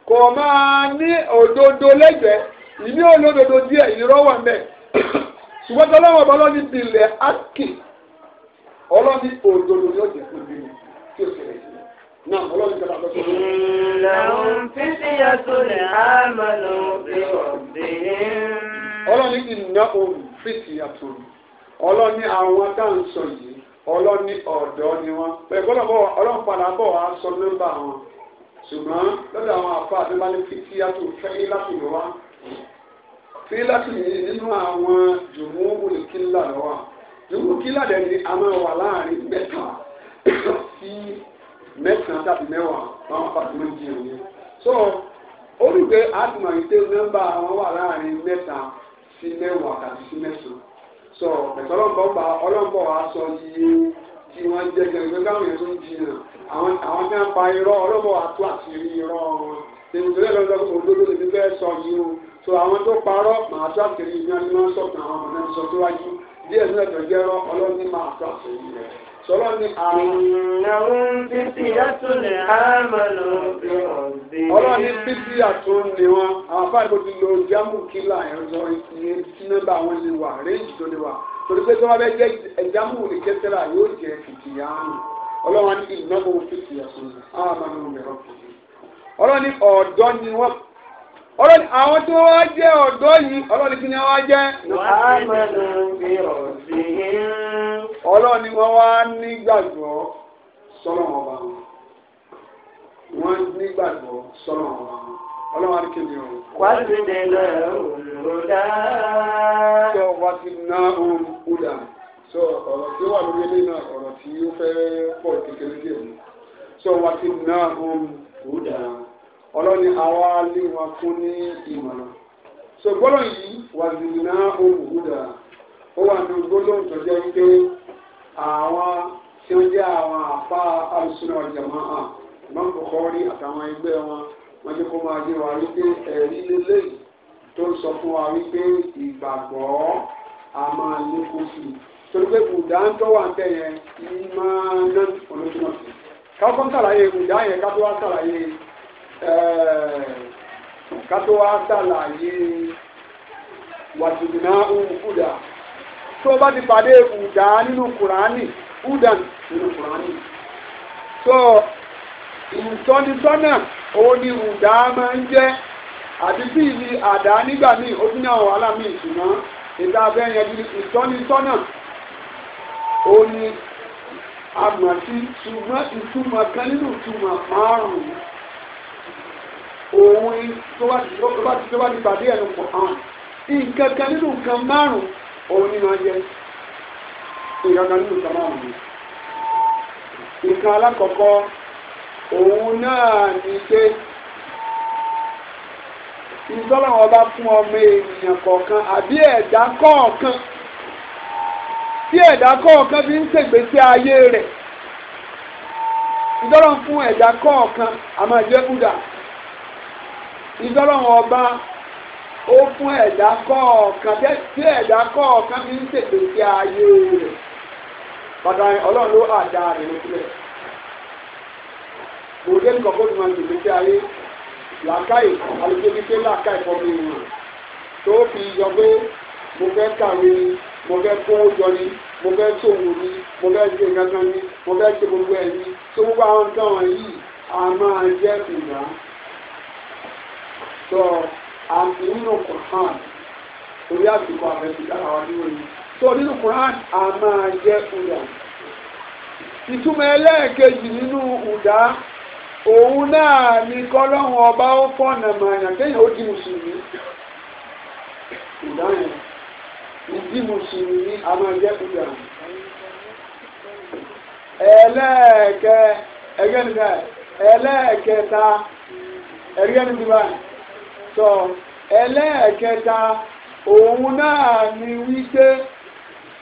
kò máa ní òdodo lẹ́gbẹ̀ẹ́ ìní olódodo díẹ̀ irọ́ wà mẹ́ ṣùgbọ́n tí ọlọ́wọ́ bá lọ́ni bilẹ̀ ákì ọlọ́ni òdodo ni ó mi ọlọ́ni ọlọ́ni ọ̀dọ́ ni wọ́n bẹ́ẹ̀ gbọ́dọ̀ bọ̀ bọ̀ wá sọ nọ́mbà wọn ṣùgbọ́n lọ́dọ̀ àwọn afọ àdébálẹ̀ fìtí yàtọ̀ fẹ́ẹ́ láti lọ láti yìí nínú àwọn jùmúù kílà lọ́wọ́ kílà dẹ̀ ni a máa wà láàrin mẹ́ta sí tàbí mẹ́wàá báwọn ń so olùgbé àtìmọ̀ ìtẹ́ nọ́mbà wọn wà láàrin sọ pẹ̀tọ́ ọlọ́mbọ̀ bá ọlọ́mbọ̀ wa sọ ti tí wọ́n jẹ́ gẹ́gẹ́ káwọn èèyàn tó ń jiyàn àwọn àwọn tí wọ́n pa irọ́ ọlọ́mbọ̀ wa tó àṣírí irọ́ wọn tèmítẹ́lẹ̀ lọ́dọ̀ kò lódò lè fi bẹ́ẹ̀ sọ yìí o so àwọn tó parọ́ màá tó àṣírí ìyá ni wọ́n sọ̀tàn àwọn ọmọ náà sọ tó wájú díẹ̀ nílẹ̀ tó jẹ́rọ ọlọ́ni máa tó àṣírí rẹ̀ sọlọ ní àmì. ìnáwó títí àtúnlẹ̀ àmàlò fi àwọn afáàrí kò ti lo jámù kílà ẹ̀rọ ìyẹn tí nọ́mbà wọn lè wà réǹjì tó lè wà torí pé tí wọ́n bẹ jẹ́ jámù ní kẹsẹ̀rà yóò jẹ́ fìtìyà àmì ọlọ́run ní ìnáwó títí àtúnlẹ̀ àmàlò fi hàn sí. ọlọ́run ní ọ̀dọ́ ni wọ́n ọlọ́ni àwọn tí wọ́n wá jẹ́ ọ̀dọ́ yìí ọlọ́ni kí ni wọ́n wá jẹ́. ọlọ́ni wọ́n wá nígbàgbọ́ sọ́nà ọba wọn wọ́n nígbàgbọ́ sọ́nà ọba wọn ọlọ́wọ́ akéde o. wàtúndé náà olùdá. sọ wàtúndé náà olùdá sọ ọ̀rọ̀ tí wà lórí ilé náà ọ̀rọ̀ tí ó fẹ́ pọ̀ kékeré díẹ̀ ni sọ wàtúndé náà olùdá ọlọ́ni àwa lé wọn kún ní ìmọ̀nà so gbọ́dọ̀ yìí wà zìnnà ohun gbúdà ó wà ní gbólóhùn tó jẹ́ wípé àwọn tí wọ́n jẹ́ àwọn àfa alùsùnà ọ̀jọ̀mọ́ hàn ìmọ̀ Bukhari àtàwọn ẹgbẹ́ wọn wọ́n jẹ́ kó máa jẹ́ wa wípé ẹ̀rí lélẹ́yìí tó ń sọ fún wa wípé ìgbàgbọ́ a máa lékún sí torí pé bùdá ń tọ́wà ń bẹ̀ yẹn ìmọ̀ náà olóṣùwọ̀n káwọn kọ́ ń sàlàyé bùdá yẹn ká sàlàyé ká tó wá ṣàlàyé wàtìmínà òkúdà tó bá ti pàdé ìkùdà nínú kùránì kùdà nínú kùránì tó ìtọ́nisọ́nà òun ni ìkùdà máa ń jẹ́ àti bí ìlí àdá nígbà míì ó ní àwọn wàhálà míì ṣùgbọ́n ìta abẹ́ yẹn ìtọ́nisọ́nà òun ni àmọ̀ sí ṣùgbọ́n ìtumọ̀ kan òun tó bá ti pàdé ẹ̀rọ pọ̀ hàn nǹkan kan nínú nǹkan márùn-ún òun ni máa jẹ nǹkan kan nínú nǹkan márùn-ún nǹkan alákọ̀ọ́kọ́ òun náà ní pé ìtọ́lọ́wọ́ bá fún ọmọ ènìyàn kọ̀ọ̀kan àbí ẹ̀dá kọ̀ọ̀kan tí ẹ̀dá kọ̀ọ̀kan fi ń ṣègbésí ayé rẹ̀ ìtọ́lọ́wọ́ fún ẹ̀dá kọ̀ọ̀kan àmọ́ ìjẹ́ búdà ìdọ́lọ́wọ́ ọba ó fún ẹ̀dá kọ̀ọ̀kan tí ẹ̀dá kọ̀ọ̀kan fi ń tètè sí ayé rẹ̀ pàtàkì ọlọ́run ló àdá rẹ̀ ló sílẹ̀ gbòógé nǹkan kó tó máa ń tètè sí ayé làákàyè àlejò wípé làákàyè fọmọ èèyàn tó fi yọ pé mo fẹ́ kàwé ni mo fẹ́ kó jọ ni mo fẹ́ ṣòwò ni mo fẹ́ ṣe nǹkan ni mo fẹ́ ṣe gbogbo ẹ̀ ni tó gbogbo àwọn nǹkan wọ̀nyí a máa jẹ́ sọ àǹtí nínú Quran torí àsìkò Quran a ìtumọ̀ ẹlẹ́ẹ̀kejì nínú òun náà ni kọ́lọ́hún ọba ó fọ̀nà kéèyàn ó di mùsùlùmí yẹn ìdí mùsùlùmí ẹlẹ́ẹ̀kẹta sọ ẹlẹ́ẹ̀kẹta òun náà ni wípé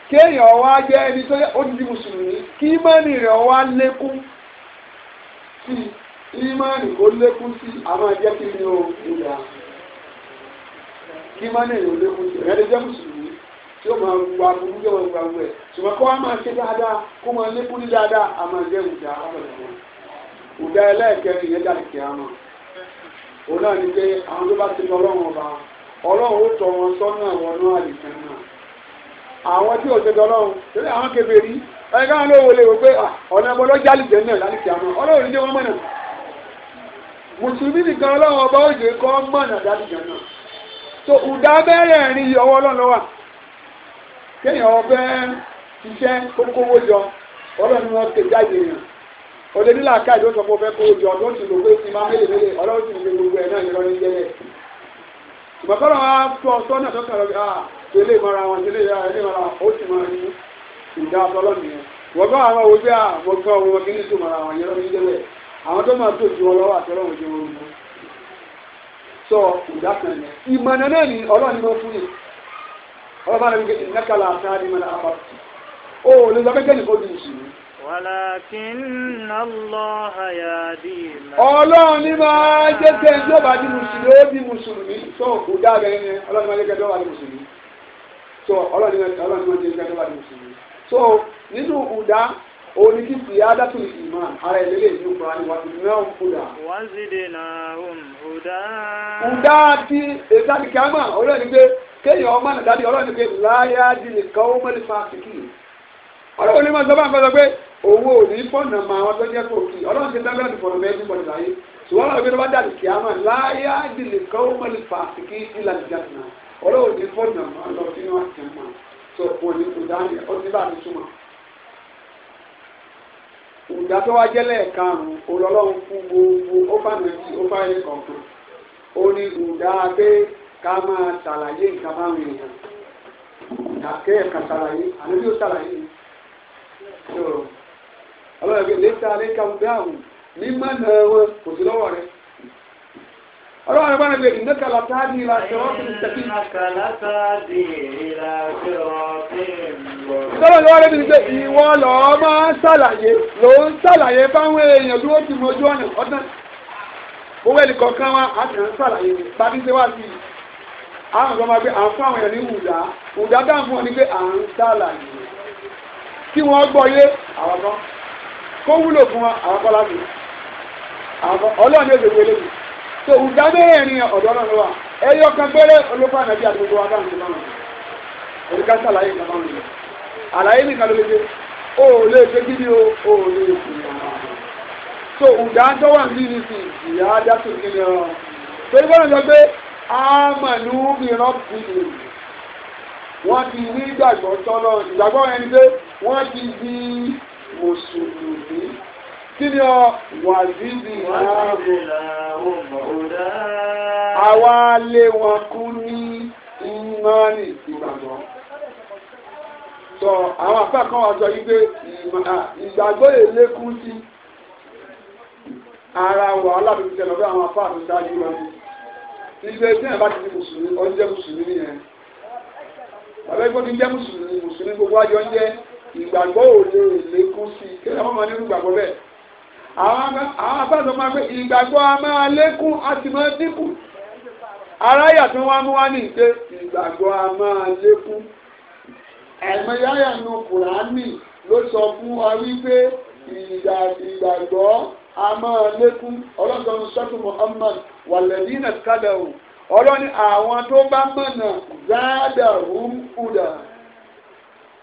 kéèyàn wá jẹ́ ẹni tó ó ti di mùsùlùmí kí ìmọ̀nì rẹ̀ wá lékún sí lékún sí kí ni ó ìyá kí ìmọ̀nì rẹ̀ ó lékún sí ẹ̀rẹ́ jẹ́ mùsùlùmí tí ó máa gba burú yóò máa gba wẹ̀ ṣùgbọ́n kó wá máa ṣe dáadáa kó máa lékún òun náà ni pé àwọn tó bá ti lọ ọlọ́run ọba ọlọ́run ó tọ́ wọn sọ́nà náà náà àwọn tí ò ṣe dọ́lọ́run tẹ́lẹ̀ àwọn rí ẹ̀ káwọn ló wọlé wọ pé ọ̀nà náà lálìkẹ́ ọlọ́run ní wọn mọ̀nà mùsùlùmí nìkan so òde nílà ká ìjọ sọ pé ó fẹ́ kó jọ tó ti lò pé ti máa mélè mélè ọlọ́run sì lè gbogbo ẹ̀ náà ní jẹ́lẹ̀ ṣùgbọ́n kọ́lọ́ wa tọ́ sọ́nà tó kàrọ̀ à ah, tẹ́lẹ̀ mara wọn tẹ́lẹ̀ yára ẹ̀lẹ́ mara ó sì máa ní ìdá ọlọ́run yẹn wọ́n gbọ́ àwọn òwe bí àwọn gbọ́ àwọn ọmọ kìíní tó mara wọn yẹn lọ́rin jẹ́lẹ̀ àwọn tó máa tó ju wọn àti ọlọ́run ọlọ́run ní máa jẹ́ tẹ́ ẹni tó bá di mùsùlùmí ó di mùsùlùmí tó kò dáre ẹni ọlọ́run máa jẹ́ tẹ́ ẹni tó bá di mùsùlùmí tó ọlọ́run máa jẹ́ tẹ́ ẹni tó bá di mùsùlùmí tó nínú ìdá òní kí sì á dátùn ìmọ̀ ara ìlélẹ̀ ìlú kan ní wàá ìlú náà ń kúdà. wọ́n sì dè náà ọ̀dà. ọ̀dà ti ètò àdìkámà ọlọ́run ní pé kéèyàn ọmọ nàdá ni ọlọ́run ní pé láyá di owó ò ní fọ̀nà mọ àwọn tó jẹ́ tòkì ọlọ́run ti dábẹ́rẹ́ fọ̀nà mẹ́rin bọ̀dẹ̀ láyé ṣùgbọ́n àwọn ìbí wájà lè kí á mọ̀ láyá ìdílé kan ó mọ̀lẹ̀ fà sí kí ìlà ìjà nà ọlọ́run ní fọ̀nà mọ́ lọ sínú àti mọ́ tó wọn ní kùdà ní ọtí bá mi túmọ̀. ìgbà tó wá jẹ́ lẹ́ẹ̀karùn-ún olọ́lọ́run fún gbogbo ó fà méjì ó fà yẹ kọ̀ọ̀kan ó ní ìgbà pé ká máa ṣàlàyé nǹkan máa ọlọ́run ẹgbẹ́ lẹ́tà lẹ́ka ń dá àwọn mímọ́ náà wọn kò sí lọ́wọ́ rẹ̀. ọlọ́run ẹgbẹ́ rẹ̀ ní kàlá tá a di ìlà ṣe wọ́n fi ń tẹ̀sí. kàlá tá a di ìlà ṣe wọ́n fi ń bọ̀. sọ́wọ́n lọ́wọ́ rẹ̀ ti ṣe ìwọ lọ́ọ́ máa ń ṣàlàyé ló ń ṣàlàyé fáwọn èèyàn bí wọ́n ti mọjú ọ̀nà ọ̀dán. owó ẹnì kọ̀ọ̀kan wa a kàn ń ṣàlàyé tàbí ṣe wá sí i. àwọn ọ̀dọ́ máa gbé à ń fún àwọn èèyàn ní wùdá wùdá dáhùn fún wọn ni pé à ń ṣàlàyé. kí wọ́n gbọ́ yé àwọn kan. kó wúlò fún àwọn kọ́lá mi ọlọ́run ní òṣèlú eléyìí tó ìdá ọ̀dọ́ ẹyọ kan péré olókọ́ ànábì àdúgbò wa dáhùn nínú ọ̀run òrùka sàlàyé nǹkan báwọn yìí àlàyé nìkan ló o lè ṣe kí ni o ò lè tó wà ní ìyá kí ni torí pé wọ́n ti rí ìgbàgbọ́ mùsùlùmí kí ni ọ wàzíbì náà àwa lé wọn àwọn apá kan wà sọ yí pé ìgbàgbọ́ èlékún sí ara wàhálà tó ti tẹ̀lé àwọn apá àti sáájú wọn ni ilé tí ẹ̀ bá ti di mùsùlùmí ọ̀n mùsùlùmí nìyẹn bàbá ti jẹ́ mùsùlùmí mùsùlùmí gbogbo ayọ̀ ń jẹ́ ìgbàgbọ́ ò lè lékún sí i kí wọ́n mọ nínú ìgbàgbọ́ bẹ́ẹ̀. àwọn abáṣọ máa pé ìgbàgbọ́ a máa lékún a sì máa dínkù. aráyà tí wọ́n mú wá ní ìpè ìgbàgbọ́ a máa lékún. ẹ̀mọ̀yé àyà nu kùránì ló sọ fún wa wípé ìgbàgbọ́ a máa lékún ọlọ́sọ̀rọ̀ sọ́tù Muhammad wàlẹ́dínà kádàrú ọlọ́ni àwọn tó bá mọ̀nà záàdà rúm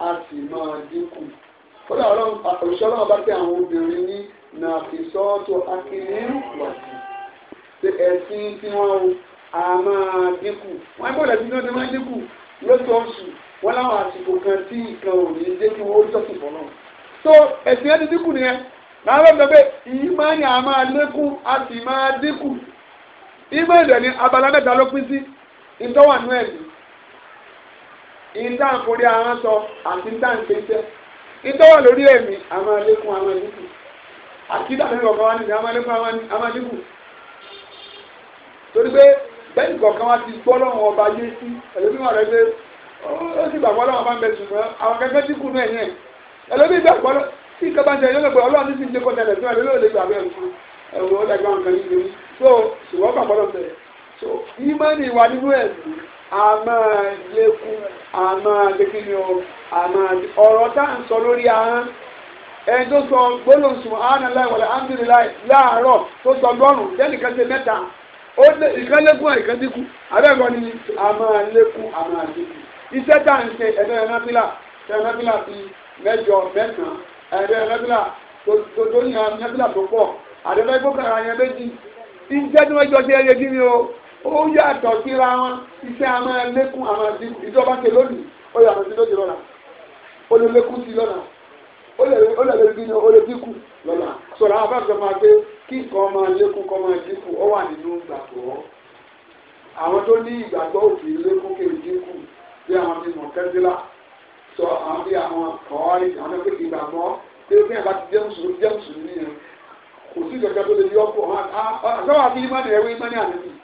a sì máa dínkù. kódà òṣìṣẹ́ ọlọ́run bá pé àwọn obìnrin ní nàfìsọ́ọ̀tò akínní wà sí ẹ̀sìn tí wọ́n ń a máa dínkù. wọ́n ń bọ̀dọ̀ tí wọ́n ti máa dínkù lóṣooṣù wọ́n láwọn àsìkò kan tí nǹkan ò ní dé kí wọ́n jọ́sìn fọ́nà. tó ẹ̀sìn ẹni dínkù nìyẹn làwọn ọ̀dọ́ pé ìmánì a máa lékún a sì máa dínkù. ìmánì rẹ̀ ni abala mẹ́ta ló pín sí ìtọ́wà nú ẹ̀sìn ìdá àkórí àwọn sọ àti ìdá ìpèsè ìtọ́wọ̀ lórí ẹ̀mí àwọn àlékún àwọn àlékù àkídà lórí ọ̀kan wa níbi àwọn àlékún àwọn àlékù torí pé bẹ́ẹ̀ni kọ̀ọ̀kan wa ti gbọ́ lọ́wọ́ ọba yé sí ẹlòmíràn rẹ pé ó sì gbàgbọ́ lọ́wọ́ ọba ń bẹ ṣùgbọ́n àwọn akẹ́kẹ́ tí kù náà yẹn ẹlòmíràn gbàgbọ́ tí ìkẹ́ bá ń tẹ̀lé lọ́gbẹ̀ ọlọ́run ní ti ń dé kọ́tà ẹ̀lẹ́sìn àbí lóòlè gbàgbé ẹ̀sùn ẹ̀rọ ó dàgbà nǹkan yìí lórí so ṣùgbọ́n gbàgbọ́ lọ́tẹ̀ so ìmọ̀ ni ìwà nínú ẹ̀sìn a máa lékún a máa lékún ni o a máa ọ̀rọ̀ tá à ń sọ lórí ahọ́n ẹni tó sọ gbólóhùn subhanallahi walhamdulillahi láàárọ̀ tó sọ lọ́rùn lẹ́nìkan ṣe mẹ́ta ó lé ìkan lékún ni a máa lékún a máa dínkù iṣẹ́ tá à ń ṣe ẹ̀dọ́ fi mẹ́jọ mẹ́sàn ẹ̀dọ́ ẹ̀rọ to tó tó yàn náfìlà tó pọ̀ ó yàtọ̀ síra wọn iṣẹ́ a máa lékún àwọn àti ìjọba ṣe lónìí ó yà àwọn ìdílódì lọ́la ó lè lékún sí lọ́la ó lè lè bí ó lè dínkù lọ́la sọ̀rọ̀ àwọn afẹ́fẹ́ máa gbé kí nǹkan máa lékún kọ́ máa dínkù ó wà nínú ìgbàgbọ́ àwọn tó ní ìgbàgbọ́ òkè lékún kéré dínkù bí àwọn bí mọ̀kẹ́sílá sọ àwọn bí àwọn kọ́ọ́rì àwọn pé ìgbàgbọ́ pé bí ẹ̀ka ti jẹ́ mùsùlùmí yẹn kò sí ìgbàgbọ́ tó lè yọ ọ́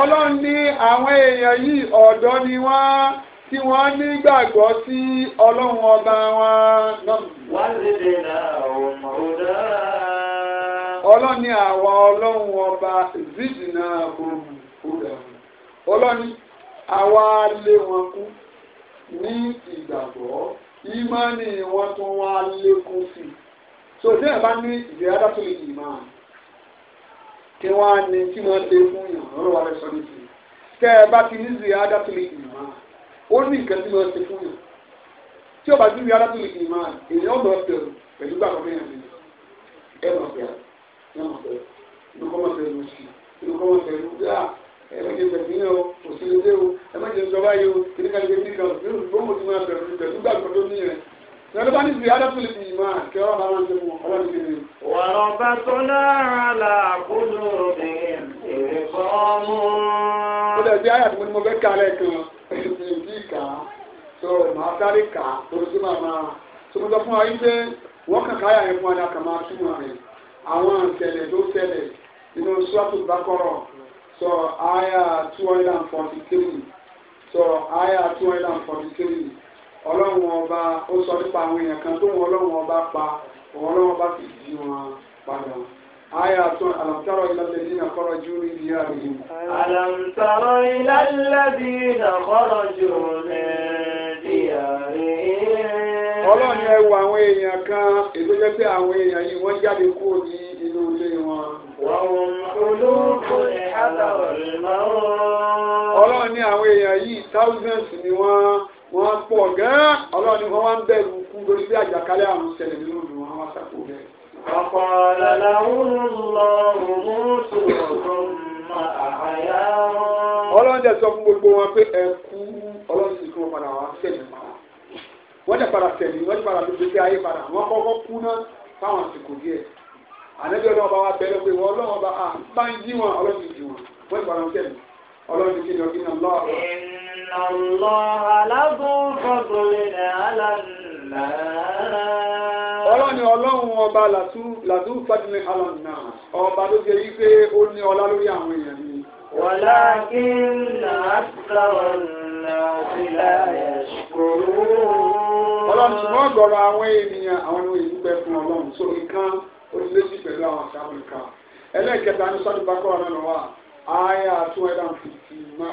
ọlọ́run ní àwọn èèyàn yìí ọ̀dọ́ ni wọ́n tí wọ́n nígbàgbọ́ sí ọlọ́run ọba wọn. wọ́n lè dènà ọmọ ọ̀dọ́. ọlọ́run ní àwọn ọlọ́run ọba zidina òmùkúrà ọlọ́run àwa lé wọn kú ní ìgbàgbọ́ ìmánì wọn tún wá lékún sí i. bá ní ìgbéyàwó tó lè yìí máa kí wọ́n á ní kí wọ́n ṣe fún yàn lọ́rọ̀ wa lẹ́sọ̀ ní ti kẹ́ ẹ bá ti ní zi adátúlì ìmọ̀ ó ní nǹkan tí wọ́n ṣe fún yàn tí ó bá ti ní adátúlì ìmọ̀ èèyàn ọ̀dọ̀ ọ̀tẹ̀ pẹ̀lú gbàgbọ́ mẹ́yàn ni ẹ mọ̀ pé ẹ mọ̀ pé inú kọ́ mọ̀ pé ẹ mọ̀ sí inú kọ́ mọ̀ pé ẹ mọ̀ pé ẹ mọ̀ jẹ pẹ̀lú yẹn o kò sí ilé o ẹ mọ̀ jẹ ìjọba yìí o Tẹ̀lébá ní ìyá dẹ́kùnlé ti máa kẹ́ ọ̀rọ̀ àwọn ọmọdé wọn ọlọ́run ti rí. Wọ̀rọ̀ bá tó náà là kúlù rẹ̀ ìrẹ̀kọ́ kan, èyí ti So màá sáré yẹn fún wa ní àkàmá túmọ̀ rẹ̀. Àwọn ìṣẹ̀lẹ̀ tó ṣẹlẹ̀ two hundred and forty three sọ àyà two hundred and forty three ọlọ́run ọba ó sọ nípa àwọn èèyàn kan tó wọn ọlọ́run ọba pa òun ọlọ́run ọba sì jí wọn padà. آية الذين خرجوا من ديارهم ألم تر إلى الذين خرجوا من ديارهم ọlọ́run ẹ wo àwọn èèyàn kan èdè jẹ́ pé àwọn èèyàn yìí wọ́n jáde kúrò ní inú ilé wọn. ọlọ́run ní àwọn èèyàn yìí thousands ni wọ́n wọ́n pọ̀ gán ọlọ́ọ̀ni wọ́n wá ń bẹ̀rù kú lórí bí àjàkálẹ̀ àrùn ṣẹlẹ̀ nínú ìlú wọn wá sàkó bẹ́ẹ̀. ọ̀pọ̀lọpọ̀ làwọn lọ́rùn mú sọ̀rọ̀ mọ́ àyà wọn. ọlọ́run dẹ̀ sọ fún gbogbo wọn pé ẹ kú ọlọ́run sì fún wọn padà wá sẹ̀lẹ̀ padà wọ́n dẹ̀ padà sẹ̀lẹ̀ wọ́n dẹ̀ padà tó gbèsè ayé padà wọ́n kọ́kọ́ kú náà fáwọn àsìkò díẹ̀ ànábì ọlọ́run bá wa bẹ̀rẹ̀ pé wọ́n ọlọ́run bá a bá ń jí wọn ọlọ́run sì jí wọn wọ́n dẹ̀ padà sẹ̀lẹ̀ ọlọ́run kí ni ọkí náà lọ́ọ̀. iná lọ alágún fọkùnrin alànà. ọlọ́run ni ọlọ́run ọba làtú fàdúnlé alànà ọba ló ṣe yí pé ó ní ọlá lórí àwọn èèyàn ni. wàlá kí n àtúntà ọ̀nà sílẹ̀ ẹ̀ṣkòrò. ọlọ́run ṣùgbọ́n ọ̀gọ̀rọ̀ àwọn ènìyàn àwọn ohun èyí pẹ́ fún ọlọ́run sórí kan ó ti lé sí pẹ̀lú àwọn àṣà àwọn ìka ẹlẹ́ẹ̀kẹta ní sọ́dún bá kọ́ ọ̀nà lọ́wọ́ آية 259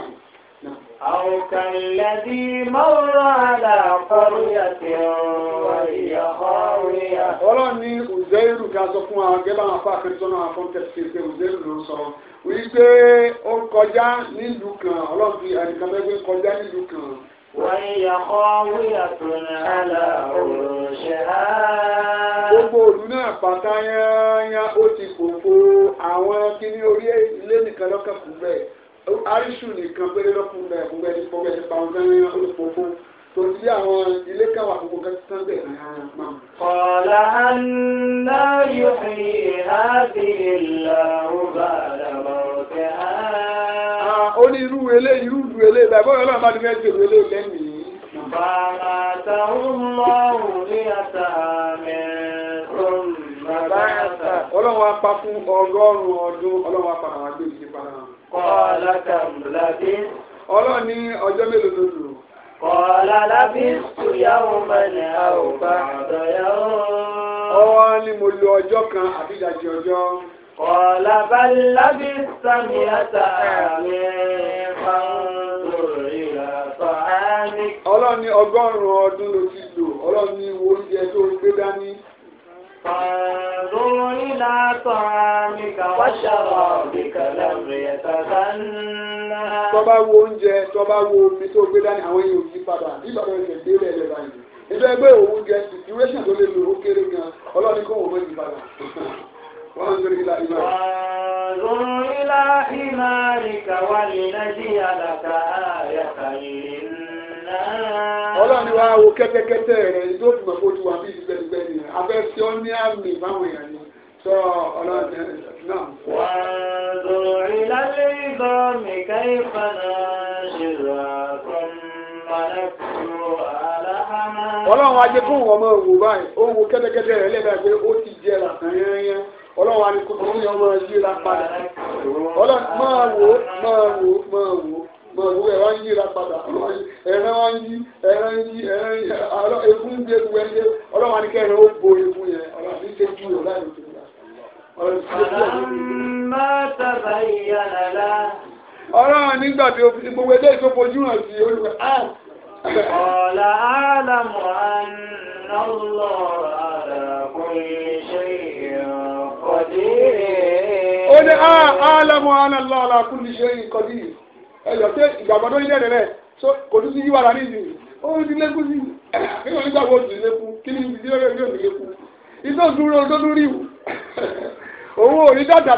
أو كالذي مر على قرية وهي خاوية Ọlọ́run ní Uzeiru ká sọ fún wa gẹ́gẹ́ báwọn afá akẹ́rìsọ́nà àfọ́ńtẹ̀sì ṣe Uzeiru ló sọ wípé ó kọjá nílùú kan Ọlọ́run fi ẹnìkan mẹ́gbẹ́ kọjá nílùú kan. وهي خاوية على عروشها gbogbo òlù náà pátá yányá ó ti fòfo àwọn kíní orí ilé nìkan lọ́kàn fún bẹ́ẹ̀ arísù nìkan péré lọ́kùnrin bẹ́ẹ̀ fún bẹ́ẹ̀ ní pọ́ńbẹ́ẹ́ ní pàwọn yányá ó ti fòfo. torí àwọn ilé káwà gbogbo kan tán Kọ̀lá ńlá yóò fi ìhádìí ìlà ọba àdàbọ̀ ọ̀tẹ̀ á. Onírú elé irú ìlú elé ìlàgbọ́ ìlú àwọn àdìmẹ́ elé lẹ́mìí. Bàbá àtàwọn ọlọ́run ní àtàmẹ́ bàbá àtà. fún ọgọ́rùn-ún ọdún para. kàmùlá dé. ní ọjọ́ mélòó Kọ̀ọ̀lá lábísù yáwó mẹ́lẹ̀ àwòbá àdọ̀ yáwó. Ọwọ́ ni mo lo ọjọ́ kan àbí ìdajì ọjọ́. Kọ̀ọ̀lá bá lábísà mi àtàràmì fáńdòrò ìràtọ̀ ámì. Ọlọ́run ní ọgọ́rùn-ún ọdún ló ti lò, ọlọ́run wo oúnjẹ tó gbé dání. فانظر إلى طعامك وشرابك لم يتسنى tó bá wo oúnjẹ tó bá wo omi tó gbé dání àwọn èèyàn yìí padà nígbà tó ṣe dé ilé ẹlẹ́ra yìí nígbà ẹgbẹ́ òun jẹ duration tó lè lò ó kéré gan ọlọ́ni kó wọ́n yìí padà wọ́n ń gbé ilá ìmọ̀. ọ̀rùn ilá ìmọ̀ àríkà wà ní nàìjíríà làkà àyàkà yìí. ọlọ́run wa wo kẹ́tẹ́kẹ́tẹ́ rẹ̀ tó fi mọ̀ kó wà bí ìgbẹ́gbẹ́ ni abẹ́ tí ó ní àmì báwọn sọ ọlọ́run náà. wà á ìlàlẹ́ mi ká ìfànà ṣe rà ọlọ́run ajé fún báyìí ó wo kẹ́tẹ́kẹ́tẹ́ rẹ̀ ó ti jẹ́ ọlọ́run wa ni mọ̀ ìwé ẹ̀ wá ń yíra padà ẹ̀rẹ́ wá ń yí ẹ̀rẹ́ ń yí ẹ̀rẹ́ ń yí ọlọ́ egun ń gbé egun ẹ̀ṣẹ́ ọlọ́wà ní kẹrin ó bo egun yẹn ọlọ́wà ní ṣe jù ọ̀la ìlú tìlá. ọlọ́run nígbà tí gbogbo ẹgbẹ́ ìsopọ̀jú hàn sí olùkọ́ Ọ̀la álámù àná lọ àdàkùnrin ṣe ìrànkọ́dé. Ó ní álámù àná lọ àdàkùnrin ṣe ìrànkọ́dé. ẹ̀yọ̀ ṣé ìgbàgbọ́ tó ní so kò tún sí yí wàrà níbi ó ti sí i nígbà wo ti kí ni ti lékú yóò ti lékú iṣẹ́ òdúró tó rí o owó òní gbàgbọ́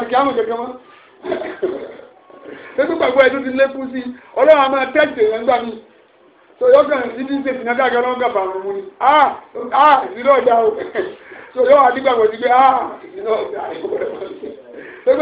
tó ti sí i ọlọ́run so yóò ṣe o so yóò wá nígbàgbọ́ ah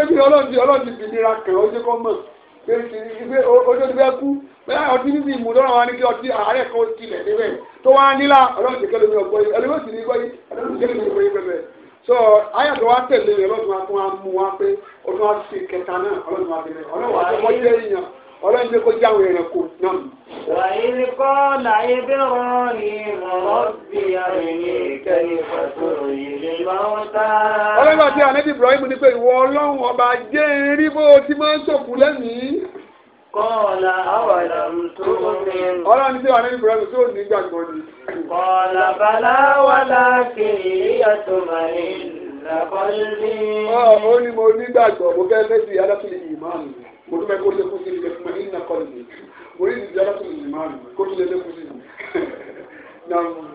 ìdílé o ọlọ́run ti ọlọ́run ti pé ojú ti fẹ́ kú bẹ́ẹ̀ ọtí níbi ìmúdọ́rọ̀ wa ní kí ọtí àárẹ̀ kan tilẹ̀ níbẹ̀ tó wá nílà ọlọ́run ti kẹ́lẹ́ mi ọ̀gbọ́n yìí ẹlẹ́wọ̀n sì ní gbọ́ yìí ẹlẹ́wọ̀n sì ní gbọ́ yìí pẹ̀lẹ́ so ayé àti wa tẹ̀lé ọlọ́run wa tún wa mú wa pé ọlọ́run wa ti kẹta náà ọlọ́run wa ti rẹ̀ ọlọ́run wa ti kọ́ jẹ́ èèyàn ọlọ́run ní kó jáwé rẹ̀ kó náà. wàyí kọ́ láyé bí wọ́n ní mọ̀lọ́bí àrùnyé kẹ́lí pàtó ìlú máa ta. ọlọ́run àti ànábì Ibrahim ní pé ìwọ ọlọ́run ọba jẹ́ erí bó ti máa ń sòkú lẹ́mìí. Kọ́ọ̀lá àwàdà tó ní. Ọlọ́run ní wà nínú ìbúrọ́dù tó ní gbàgbọ́ ni. Kọ́ọ̀lá bàlá wà ìyàtọ̀ màrí ìlàkọ́lé. Ó ní mo nígbàgbọ́, mo fẹ́ fẹ́ sí Adáfílì ìmáàmù mo tún bẹ kó lékún sí ibẹ̀ fún mi ní nàkọ́ ni orí mi jẹ́ alákùn mi máa mi kó tún lé lékún sí mi.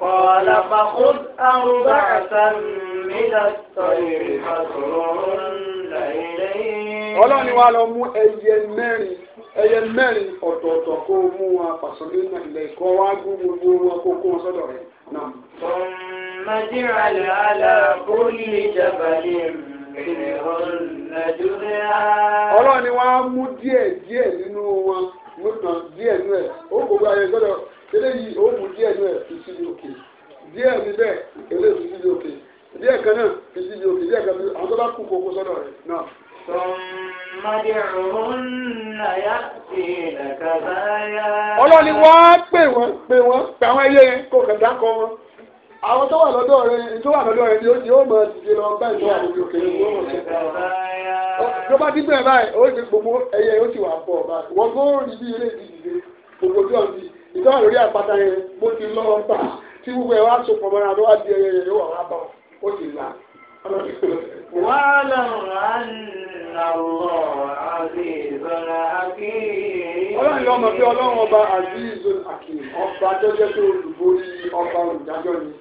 قال فخذ أربعة من الطير فصرهن إليه ọlọ́run ni wàá lọ mú ẹyẹ mẹ́rin ẹyẹ mẹ́rin ọ̀tọ̀ọ̀tọ̀ kó o mú wọn pàṣẹ nínú ilẹ̀ kó wá gún gbogbo wọn kó kó wọn sọ́dọ̀ rẹ̀ náà. ثم اجعل ọlọ́run ni wọ́n á mú díẹ̀ díẹ̀ nínú wọn mútan díẹ̀ nínú ẹ̀ ó gbogbo ayé gbọ́dọ̀ eléyìí ó mú díẹ̀ nínú ẹ̀ fi síbi òkè díẹ̀ níbẹ̀ eléyìí fi síbi òkè díẹ̀ kan náà fi síbi òkè díẹ̀ kan náà àwọn tó bá kú kókó sọ́dọ̀ rẹ̀ náà. ọlọ́run ni wọ́n á pè wọ́n pè wọ́n pè àwọn ẹyẹ yẹn kó kàdá wọn àwọn tó wà lọ́dọ̀ rẹ tó wà lọ́dọ̀ rẹ ni ó ti ó lọ bá ìjọba àti òkè ìwé wọn bá dín bẹ́ẹ̀ báyìí ó ti gbogbo ẹyẹ ó ti wà pọ̀ báyìí wọ́n gbọ́ rí bí ilé ìdíje gbogbo bí ọ̀dì ìjọba lórí àpáta yẹn bó ti lọ́ bá tí gbogbo ẹ̀ wá so pọ̀ mọ́ra ló wá di ẹyẹ yẹn wà wá bá ó ti là. wàhálà ọlọ́run lọ́mọ pé ọlọ́run ọba àzíz akim ọba tó jẹ́ pé olùborí ọba olùdájọ́ ni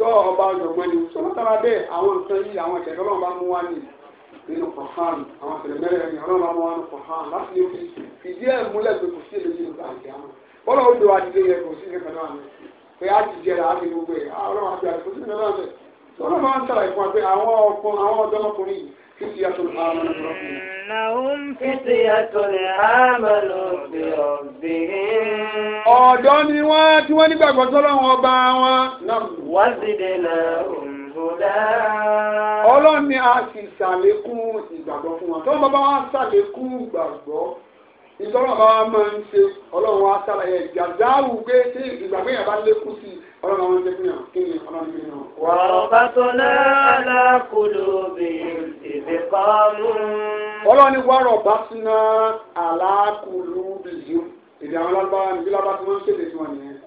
sọ ọba ọ̀jọ̀gbọ́n ni sọ látara bẹ́ẹ̀ àwọn nǹkan yìí àwọn ìṣẹ̀lẹ̀ ọlọ́run bá mú wá nìyí nínú kọ̀ọ̀kan àwọn ìṣẹ̀lẹ̀ mẹ́rẹ̀ẹ̀rin ọlọ́run bá mú wá nínú kọ̀ọ̀kan láti lè fi ìdí ẹ̀ múlẹ̀ pé kò sí èlé nínú àti àmọ́ bọ́lá ó lo àdìdé yẹ kò sí ní kan náà mi pé á ti jẹ́ra á ti gbogbo ẹ̀ ah, ọlọ́run àti àdìgbò sí ní kan náà mi sọ ọlọ́run máa ń sàlàyé fún wa pé àwọn ọkùnrin àwọn ọ̀dọ́mọkùnrin yìí فتية آمنوا بربهم إنهم فتية آمنوا بربهم ọ̀dọ́ ni wọ́n tí wọ́n nígbàgbọ́ sọ́lọ́run ọba wọn. wazidnahum huda. ọlọ́run ni a sì ṣàlékún ìgbàgbọ́ fún wọn. tó bàbá wa ṣàlékún ìtọ́lọ̀ bá wa máa ń ṣe ọlọ́run wa sàlàyé ìjàdá wù pé tí ìgbàgbé yàrá lékún sí ọlọ́run àwọn ẹgbẹ́ yàn kí ni ọlọ́run fi wà á bá náà lákòlò bíi ìbí pàmò. ọlọ́run ni wàrọ̀ bá síná àlákòlò bìyí èdè àwọn alábáwá níbi lábá tí wọ́n ń ṣèlè tiwọn nìyẹn.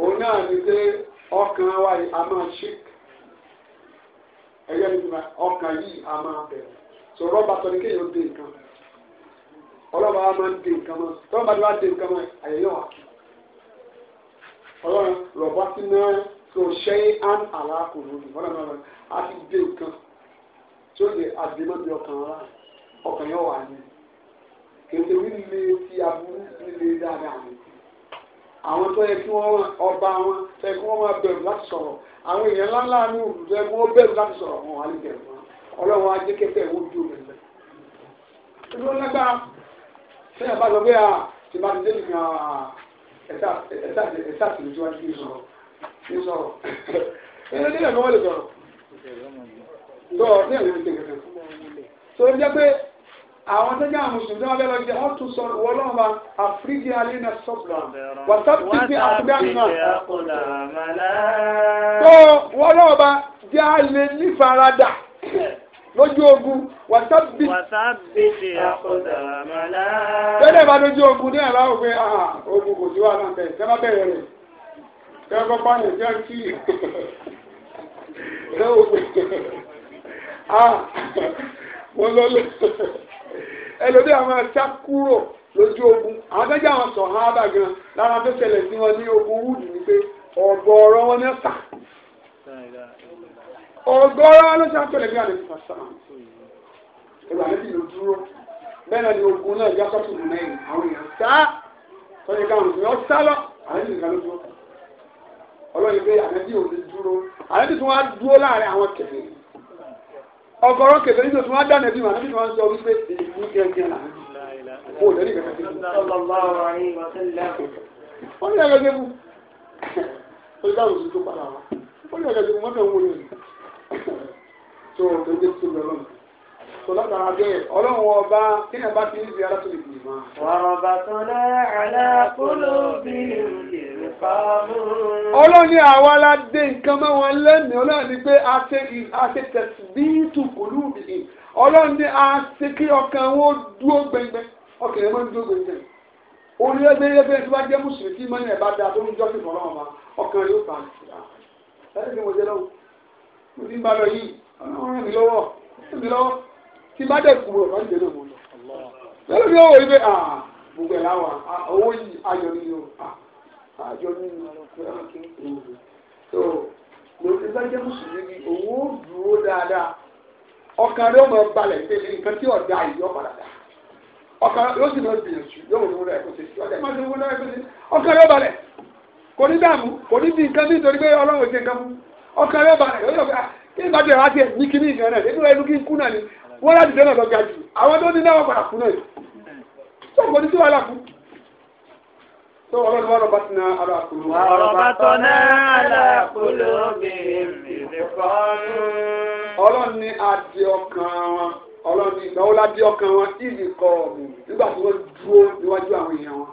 òun náà ni pé ọkàn wa yìí a máa ṣe ẹgbẹ́ mi ọkàn yìí a máa bẹ̀rẹ̀ sọ̀rọ̀ bàtọ̀ ni kéèyàn dé nǹkan ọlọ́run á máa ń dé nǹkan mọ́ tọ́wọ́n bá ti wá dé nǹkan mọ́ àyẹ̀yẹ́ wà kí ọlọ́run rọ̀bá sí náà tó ṣe é án àlákòrò ní ọlọ́run náà á ti dé nǹkan tó lè àdémọ́bí ọkàn wa ọkàn yóò wà ní ètò líle ti aburú líle dáadáa ní àwọn tó yẹ kí wọ́n ọba wọn tó yẹ kí wọ́n máa bẹ̀rù láti sọ̀rọ̀ àwọn èèyàn ńláńlá ní òòlù tó yẹ bẹ̀rù láti sọ̀rọ̀ wọn wà lè bẹ̀rù wọn ọlọ́run á kẹfẹ́ ìwọ́n bí òmìnira. ìdúró lágbára ṣé ẹ bá lọ bí a ti máa ti dé nìkan ẹ̀sà ẹ̀sà ẹ̀sà tìlú tí wọ́n ti fi sọ̀rọ̀ fi sọ̀rọ̀ ẹ̀rọ nílẹ̀ kan wọ́n lè sọ̀rọ̀ tó ní ẹ̀rọ ìṣe kankan tó ń jẹ́ pé àwọn tó jẹ́ àwọn mùsùlùmí tí wọ́n bẹ́ẹ̀ lọ jẹ́ wọ́n tún sọ wọ́n lọ́wọ́ bá àfíríkì alẹ́ náà sọ̀rọ̀ wọ́n sábà ti àtúgbà náà tó wọ́n lọ́wọ́ bá jẹ́ àlè nífaradà lójú ogun wàsábì. wàsábì ti àkọsà màlá. tẹ́lẹ̀ bá lójú ogun ní àlá òfin àhà ogun kò sí wà náà bẹ́ẹ̀ tẹ́lá bẹ̀rẹ̀ rẹ̀ tẹ́lá kọ́ pààyàn jẹ́ kí ẹ òfin wọ́n lọ lọ ẹlòmíà máa sá kúrò lójú ogun àwọn tẹ́jú àwọn sọ̀hán abàgán lára tó ṣẹlẹ̀ sí wọn ní ogun wúdù ni pé ọ̀gọ̀ọ̀rọ̀ wọn ní ọ̀sà. ọgọ́rọ́ ló ṣe àtọ́lẹ̀ bí alẹ́ fà sàmà ìgbà níbi ìlú dúró bẹ́ẹ̀ náà ni ogun náà yá sọ́tù mú mẹ́rin àwọn èèyàn sá sá lọ dúró pé dúró tí dúró láàrin àwọn nígbà tí dáná bí wọn tí sọ wípé èyí ó ní ẹgbẹ́ tó *coughs* tó dé tó lọ́nà tọ́lọ́tara bẹ́ẹ̀ ọlọ́run ọba tíyẹn bá ti ń fi ara tó lè bì mọ́. wàrọ̀ bàtàn náà aláàkóló bí ìrèlè fáwọn. ọlọ́run ní àwa la dé nǹkan mọ́ wọn lẹ́nu ọlọ́run ní pé a ṣe tẹ̀sí bí tùkùlù bìí ọlọ́run ní a ṣe kí ọkàn wọn dúró gbẹngbẹ ọkàn yẹn máa ń dúró gbẹngbẹ orí ẹgbẹ́ ẹgbẹ́ tí wọ́n jẹ́ mùsùlùmí tí mọ́ni ẹ̀ bá da tó ń jọ́sìn fọlọ́run ọba ọkàn yóò bá a mo ti ń bá lọ yìí ọlọ́run ràn mí lọ́wọ́ ràn mí lọ́wọ́ tí bá dẹ̀ kúrò lọ́n jẹ́ lòun lọ. lọ́dọ̀ mi wọ́n wò wípé ah, gbogbo ẹ̀ láwọn ah, owó yìí ayọ̀ ni o ah, àjọ ní so lórí sájẹ́ mùsùlùmí owó dúró dáadáa ọkàn rẹ̀ ó máa balẹ̀ pé nǹkan tí ọ̀dà yìí ọ̀ padà dà ọkàn yóò sì máa gbìyànjú yóò wọ́n lọ́wọ́ ẹ̀kọ́ sí ọ̀dà máa ti wọ́n lọ́wọ́ ọkàn rẹ̀ ó kò ní dààmú kò ní ọkàn rẹ balẹ̀ ó yọ pé ah, kí nígbà tí ẹ bá tiẹ̀ ní kíní ìgbà náà nínú ẹnu kí n kú náà ni wọ́n láti dẹ́nà lọ́ga jù àwọn tó ní náà wọ́n padà kú náà tó kò ní sí wàhálà kú. tó ọlọ́run wọn rọba tí náà ara kúló. wà á rọba tó náà ara kúló bèrè bèrè kọ́nù. ọlọ́run ní adé ọkàn wọn ọlọ́run ní ìgbà wo la dé ọkàn wọn ìlì kọ́ ọ̀mù nígbà tí wọ́n dúró níwájú àwọn èèyàn wọn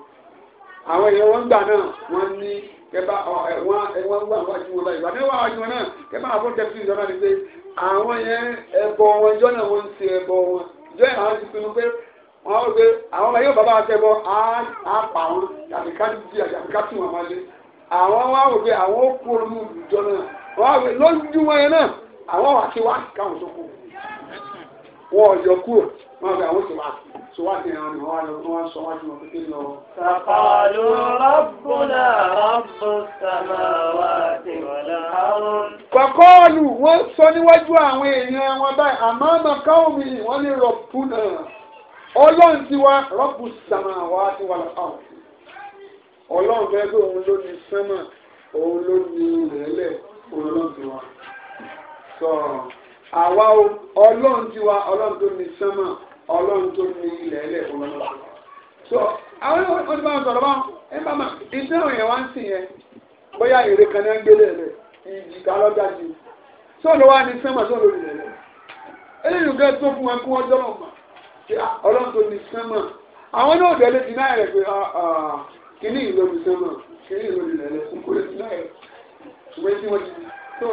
àwọn èèyàn wọn gbà náà wọ́n ní kẹba ẹwọn ẹwọn wà wájú wọn báyìí wàmí wà wájú wọn náà kẹba àbọ̀ tẹ̀sí ìjọ náà ni pé àwọn yẹn ẹbọ wọn ìjọ náà wọn ń ẹbọ wọn ìjọ yẹn àwọn ti pinnu pé wọn á gbé àwọn yóò bàbá àti ẹbọ á pa wọn tàbí ká ti di àti ká tún wọn lé àwọn wọn á pé àwọn ó kú ìjọ náà wọn á lójú wọn yẹn náà àwọn wà kí wá káwọn tó kú wọn ò yọ kúrò wọn bẹ àwọn sọwọ sọwọ àti ẹran ni wọn lọ wọn sọ wọn ti wọn pépé lọ. sàkàlù rọ́bùnà rọ́bù sàmáwá ti wọlé àrùn. kọ̀kọ́ọ̀lù wọ́n sọ níwájú àwọn èèyàn wọn báyìí àmọ́ àmàkà omi wọ́n ní rọ̀bùnà ọlọ́run ti wá rọ́bù sàmáwá ti wọlé àrùn. ọlọ́run fẹ́ pé òun ló ní sánmà òun ló ní ìrẹ́lẹ̀ òun ọlọ́run ti wá. sọ àwa ọlọ́run ti wá ọlọ́run tó ní sánmà ọlọ́run tó ní ilẹ̀ ẹlẹ́ fún wọn. so àwọn ẹ̀wọ̀n tó bá ń sọ̀rọ̀ bá ẹ bá ma iṣẹ́ òun yẹn wá ń sìn yẹn bóyá èrè kan náà ń gbélé rẹ̀ ìjìká lọ́dà sí i sọ̀rọ̀ wá ní sẹ́mà sọ̀rọ̀ ilẹ̀ rẹ̀ eléyìí gbé tó fún wọn kí wọ́n jọ́rọ̀ mà ah, ọlọ́run tó ní sẹ́mà àwọn náà dẹ̀ lè dínà rẹ̀ pé ah, ah, kìíní ìlú ní sẹ́mà kìíní ìlú ní ilẹ̀ rẹ̀ kò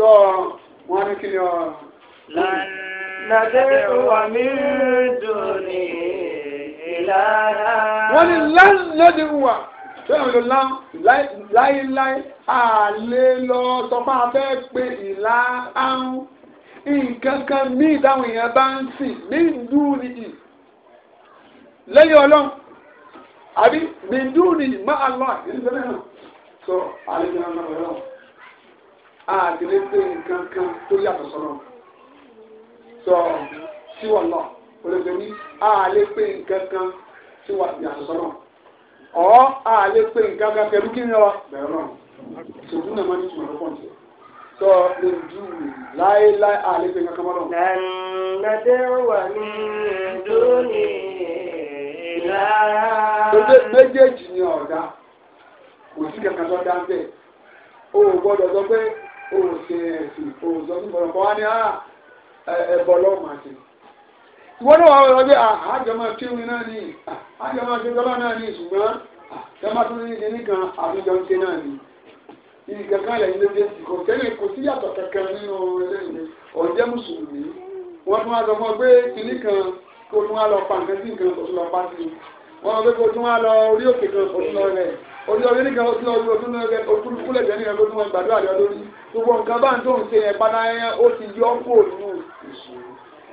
sọ wọn ní kí ni ọ. Nàdé wà mí dùn ní ìlànà. Wọ́n ní lánàdé wà fẹ́ràn ló láíláí àlè lọ sọ fún abẹ́ pé ìlà áhùn nǹkan kan ní ìdáhùn èèyàn bá ń sìn ní ìlú nìyí lẹ́yìn ọlọ́run àbí mìndúrì máa lọ àìsí ìṣẹ́lẹ̀ náà sọ àlejò náà lọ́wọ́ àdìrí pé nǹkan kan tó yàtọ̀ sọ́nà sọ sí wọn náà olóògbé ní àlè pé nǹkan kan tí wà yàtọ̀ sọ́nà ọ̀ àlè pé nǹkan kan pẹ̀lú kí ni ọ bẹ̀rẹ̀ náà ṣòkú náà máa ní tùmọ̀ lọ́pọ̀ nìyẹn sọ lè ju láéláé àlè pé nǹkan kan mọ́ lọ. nàìjíríà wà ní lónìí rárá. méjèèjì ni ọ̀dà kò sí kankan tó dá ń bẹ̀ o ò gbọ́dọ̀ sọ pé o ṣe ẹ̀sìn o sọ fún bọ̀dọ̀ kọ́ wá ní ẹ̀bọ̀ lọ́wọ́ máa ṣe. ìwọ náà wàá wọlé àjọ máa kí omi náà ní àjọ máa kí ọlọ́run náà ní ṣùgbọ́n àjọ máa tún ní ní kan àjọ ń ké náà ní. ibi kankan lẹ́yìn ló dé kò tẹ́lẹ̀ kò sí yàtọ̀ kankan nínú ẹlẹ́yìn ọ̀jẹ́ mùsùlùmí wọ́n tún wá sọ fún ọ pé kinní kan kó tún wá lọ pa nǹkan sí nǹkan kó tún lọ pa sí i wọ́n sọ pé kó tún wá lọ orí òkè kan kó tún lọ rẹ̀ orí ọdún nìkan ó ti ọdún ọdún náà ọdún kúlẹ̀ jẹ́ nìkan lójúmọ́ ìgbàdo àlẹ́ lórí gbogbo nǹkan bá ń tó ń ṣe yẹn padà ó ti yọ kó nù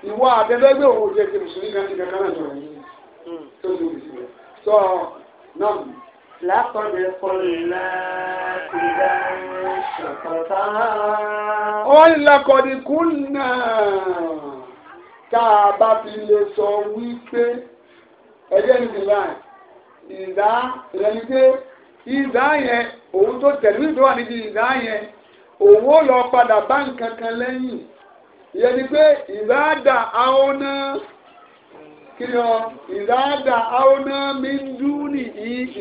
ìwọ àtẹ́lẹ́gbẹ́ òun ò jẹ́ ti mùsùlùmí kan ti kankan náà sọ̀rọ̀ yìí tó ti mùsùlùmí sọ náà. lákọ̀dé kọlá ìdá ṣàkọ́tà. ó ń lakọ̀dí kúnnà tá a bá fi lè sọ ìdá yẹn òun tó tẹ̀lé ìdó wà níbi ìdá yẹn òun ó lọ padà bá nǹkan kan lẹ́yìn ìyẹn ni pé ìdáàdà àwọn náà kí ni ọ ìdáàdà àwọn náà mi ń dún ní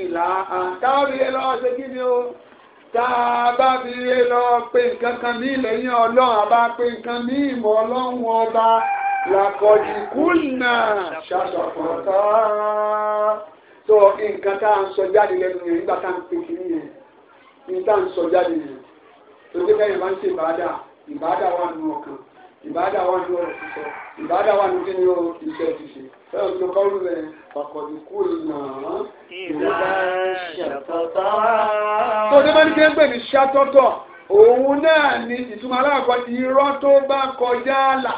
ìlà àtàwọn ìyẹn lọ́wọ́ ṣe kí ni o tá a bá fi lé lọ pé nǹkan kan ní lẹ́yìn ọlọ́run a pé nǹkan ní ìmọ̀ ọlọ́run ọba làkọ̀jù kùnà ṣàṣọ̀kọ̀tà tó nǹkan tá à ń sọ jáde lẹ́nu yẹn nígbà tá à ń pè kí nìyẹn ní tá à ń sọ jáde yẹn tó dé bẹ́ẹ̀ bá ń ṣe ìbáadà ìbáadà wà nù ọkàn ìbáadà wà nù ọ̀rọ̀ sísọ ìbáadà wà nù kíni o iṣẹ́ ṣíṣe fẹ́ràn tó kọ́ lù rẹ̀ pàkọ́dù kú ìnà ìwà ṣàtọ̀tọ̀. tó dé bá ní kéńpé ní ṣàtọ̀tọ̀ òun náà ni ìtumọ̀ aláàkọ́ ti irọ́ tó bá kọjá là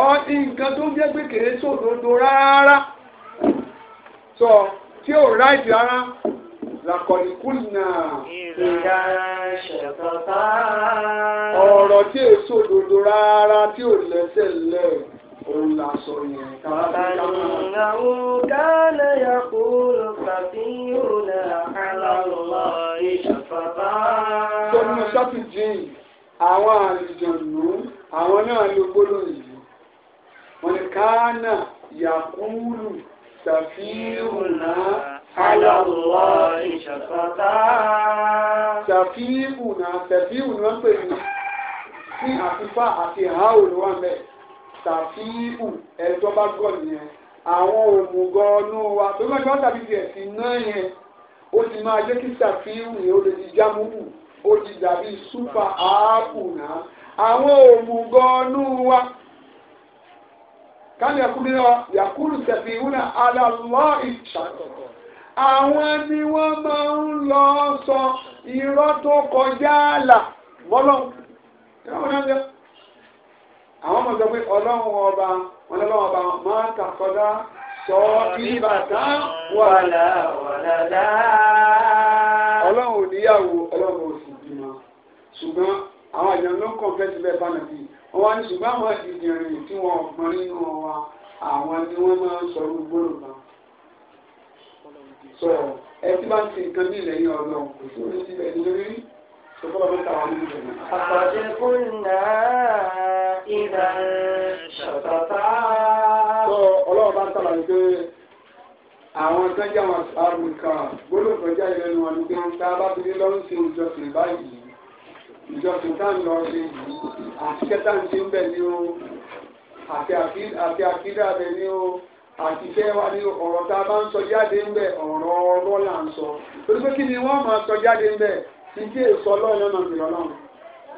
ọ̀ nǹkan tó jẹ́ pé kèrè sòdodo So, tí ò ráìdì rárá làkọ̀nìkúnà ìyá ṣẹ̀tọ̀tà ọ̀rọ̀ tí èso òdodo rárá tí ò lẹ́sẹ̀ lẹ̀ òun là sọ yẹn káàkiri. ìnáwó kálẹ̀ yà kúrò tàbí òun àlọ́ ìṣàfàbà. sọ́nà sátìjì àwọn àlùjọ̀nù àwọn náà ló gbólóhùn yìí wọ́n ní káánà yà kúrò ṣàfihùnà aláwọ̀ ìṣàfàtà. ṣàfihùnà ṣàfihùnà wọ́n pè ní sí àfífà àti àáwò ni wọ́n bẹ̀. ṣàfihù ẹ̀tọ́ bá gọ̀ nìyẹn àwọn òmùgọ̀ wa tó bá gbọ́ tàbí tiẹ̀ sí náà yẹn ó ti máa jẹ́ kí ṣàfihù yẹn ó lè di jámúhù ó ti dàbí súpà áàpù náà àwọn òmùgọ̀ wa káni ẹkùnrin náà yàkúrú sẹ̀fì ìwúna alàlọ́ ìṣàkọ̀kọ̀. àwọn ni wọ́n máa ń lọ sọ irọ́ tó kọjá àlà bọ́lọ́ àwọn ọmọ sọ pé ọlọ́run ọba wọn lọ́wọ́ ọba máa ń kàkọ́dá sọ ìbàdàn wàlà wàlà dáa. ò níyàwó ọlọ́run ò sì bímọ ṣùgbọ́n àwọn àjàn ló ń kàn fẹ́ sílẹ̀ wọ́n ní ṣùgbọ́n àwọn ìdìrìn tí wọ́n gbọ́n nínú wa àwọn ni wọ́n máa ń sọ gbólóhùn náà. sọ ẹ tí bá ń ti nǹkan ní ilẹ̀ yẹn kò sí orí síbẹ̀ nítorí ṣùgbọ́n ọmọ ìta wà nínú ìbẹ̀rẹ̀. àpàdé kúnlá ìlà ṣàtàtà. sọ ọlọ́run bá ń tàbà ní pé àwọn kan àwọn àrùn kan gbólóhùn jáde lẹ́nu wọn ní pé tá a ìjọsìn tá à ń lọ ṣe yìí àti kẹta ń ṣe ń bẹ̀ ni o àti àkídà bẹ̀ ni o àti fẹ́ wa ní ọ̀rọ̀ tá a bá ń sọ jáde ń bẹ̀ ọ̀rọ̀ ọ̀rọ̀ là ń sọ torí pé kí ni wọ́n máa sọ jáde ń bẹ̀ tí kí èso ọlọ́run náà mi lọ́nà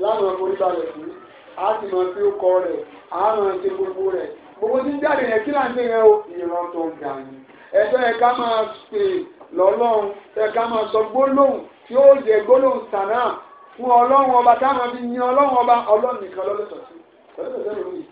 láwọn ọkùnrin balẹ̀ fún a sì máa fi kọ rẹ̀ a máa ṣe gbogbo rẹ̀ gbogbo tí ń jáde yẹn kí là ń gbé yẹn o ìran tó ga ni ẹ̀fẹ́ ẹ̀ ká máa pè lọ́lọ́run ẹ̀ ká máa sọ gbólóhùn tí ó yẹ gbólóhùn sànà fún ọlọ́run ọba táwọn bí yan ọlọ́run ọba ọlọ́run nìkan lọ́lọ́sọ̀ sí lọ́lọ́sọ̀ sí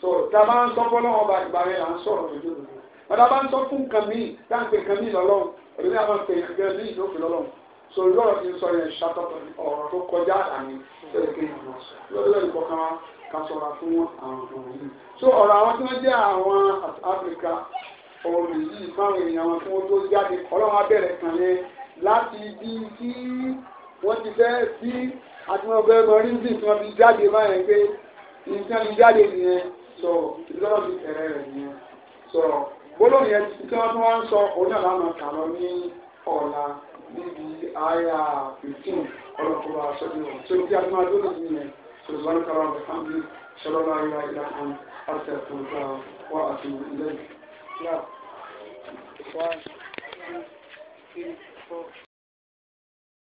so tá a bá ń sọ fún ọlọ́run ọba ìgbà rẹ̀ à ń sọ̀rọ̀ lójú lójú bàtà bá ń sọ fún nǹkan míì tá à ń pè nǹkan míì lọ́lọ́run èmi náà máa ń pè nǹkan míì ló fi lọ́lọ́run so ojú ọ̀rọ̀ ti ń sọ yẹn ṣàtọ̀tọ̀ ọ̀rọ̀ tó kọjá àmì lórí kéèyàn lọ sọ lórí ìkọ̀kan wa ká sọra fún àwọn ọ̀rọ̀ yìí so ọ̀rọ̀ àwọn tí wọ́n jẹ́ àwọn Áfíríkà ọ̀rọ̀ yìí fáwọn èèyàn wọn tí wọ́n tó jáde ọlọ́run abẹ́rẹ́ kan yẹn láti bí kí wọ́n ti fẹ́ sí àtúnwọ̀fẹ́ mọ̀rìndì tí wọ́n fi jáde máa yẹn pé nǹkan fi jáde nìyẹn sọ ìdílọ́nà fi tẹ̀rẹ rẹ̀ nìyẹn sọ gbólóhùn yẹn tí wọ́n tún wá ń sọ òun náà lánàá kà lọ ní ọ̀la níbi àyà fifteen ọlọ́kọ̀ọ́ aṣọ́jú wọn tó bí adúmọ̀ adúmọ̀ sí yẹn sọ̀rọ̀ kọ́ra ọ̀rọ̀ fáńbí sọ̀rọ̀ láyé láyé láhàn àti ẹ̀kọ́ wà àti ilé.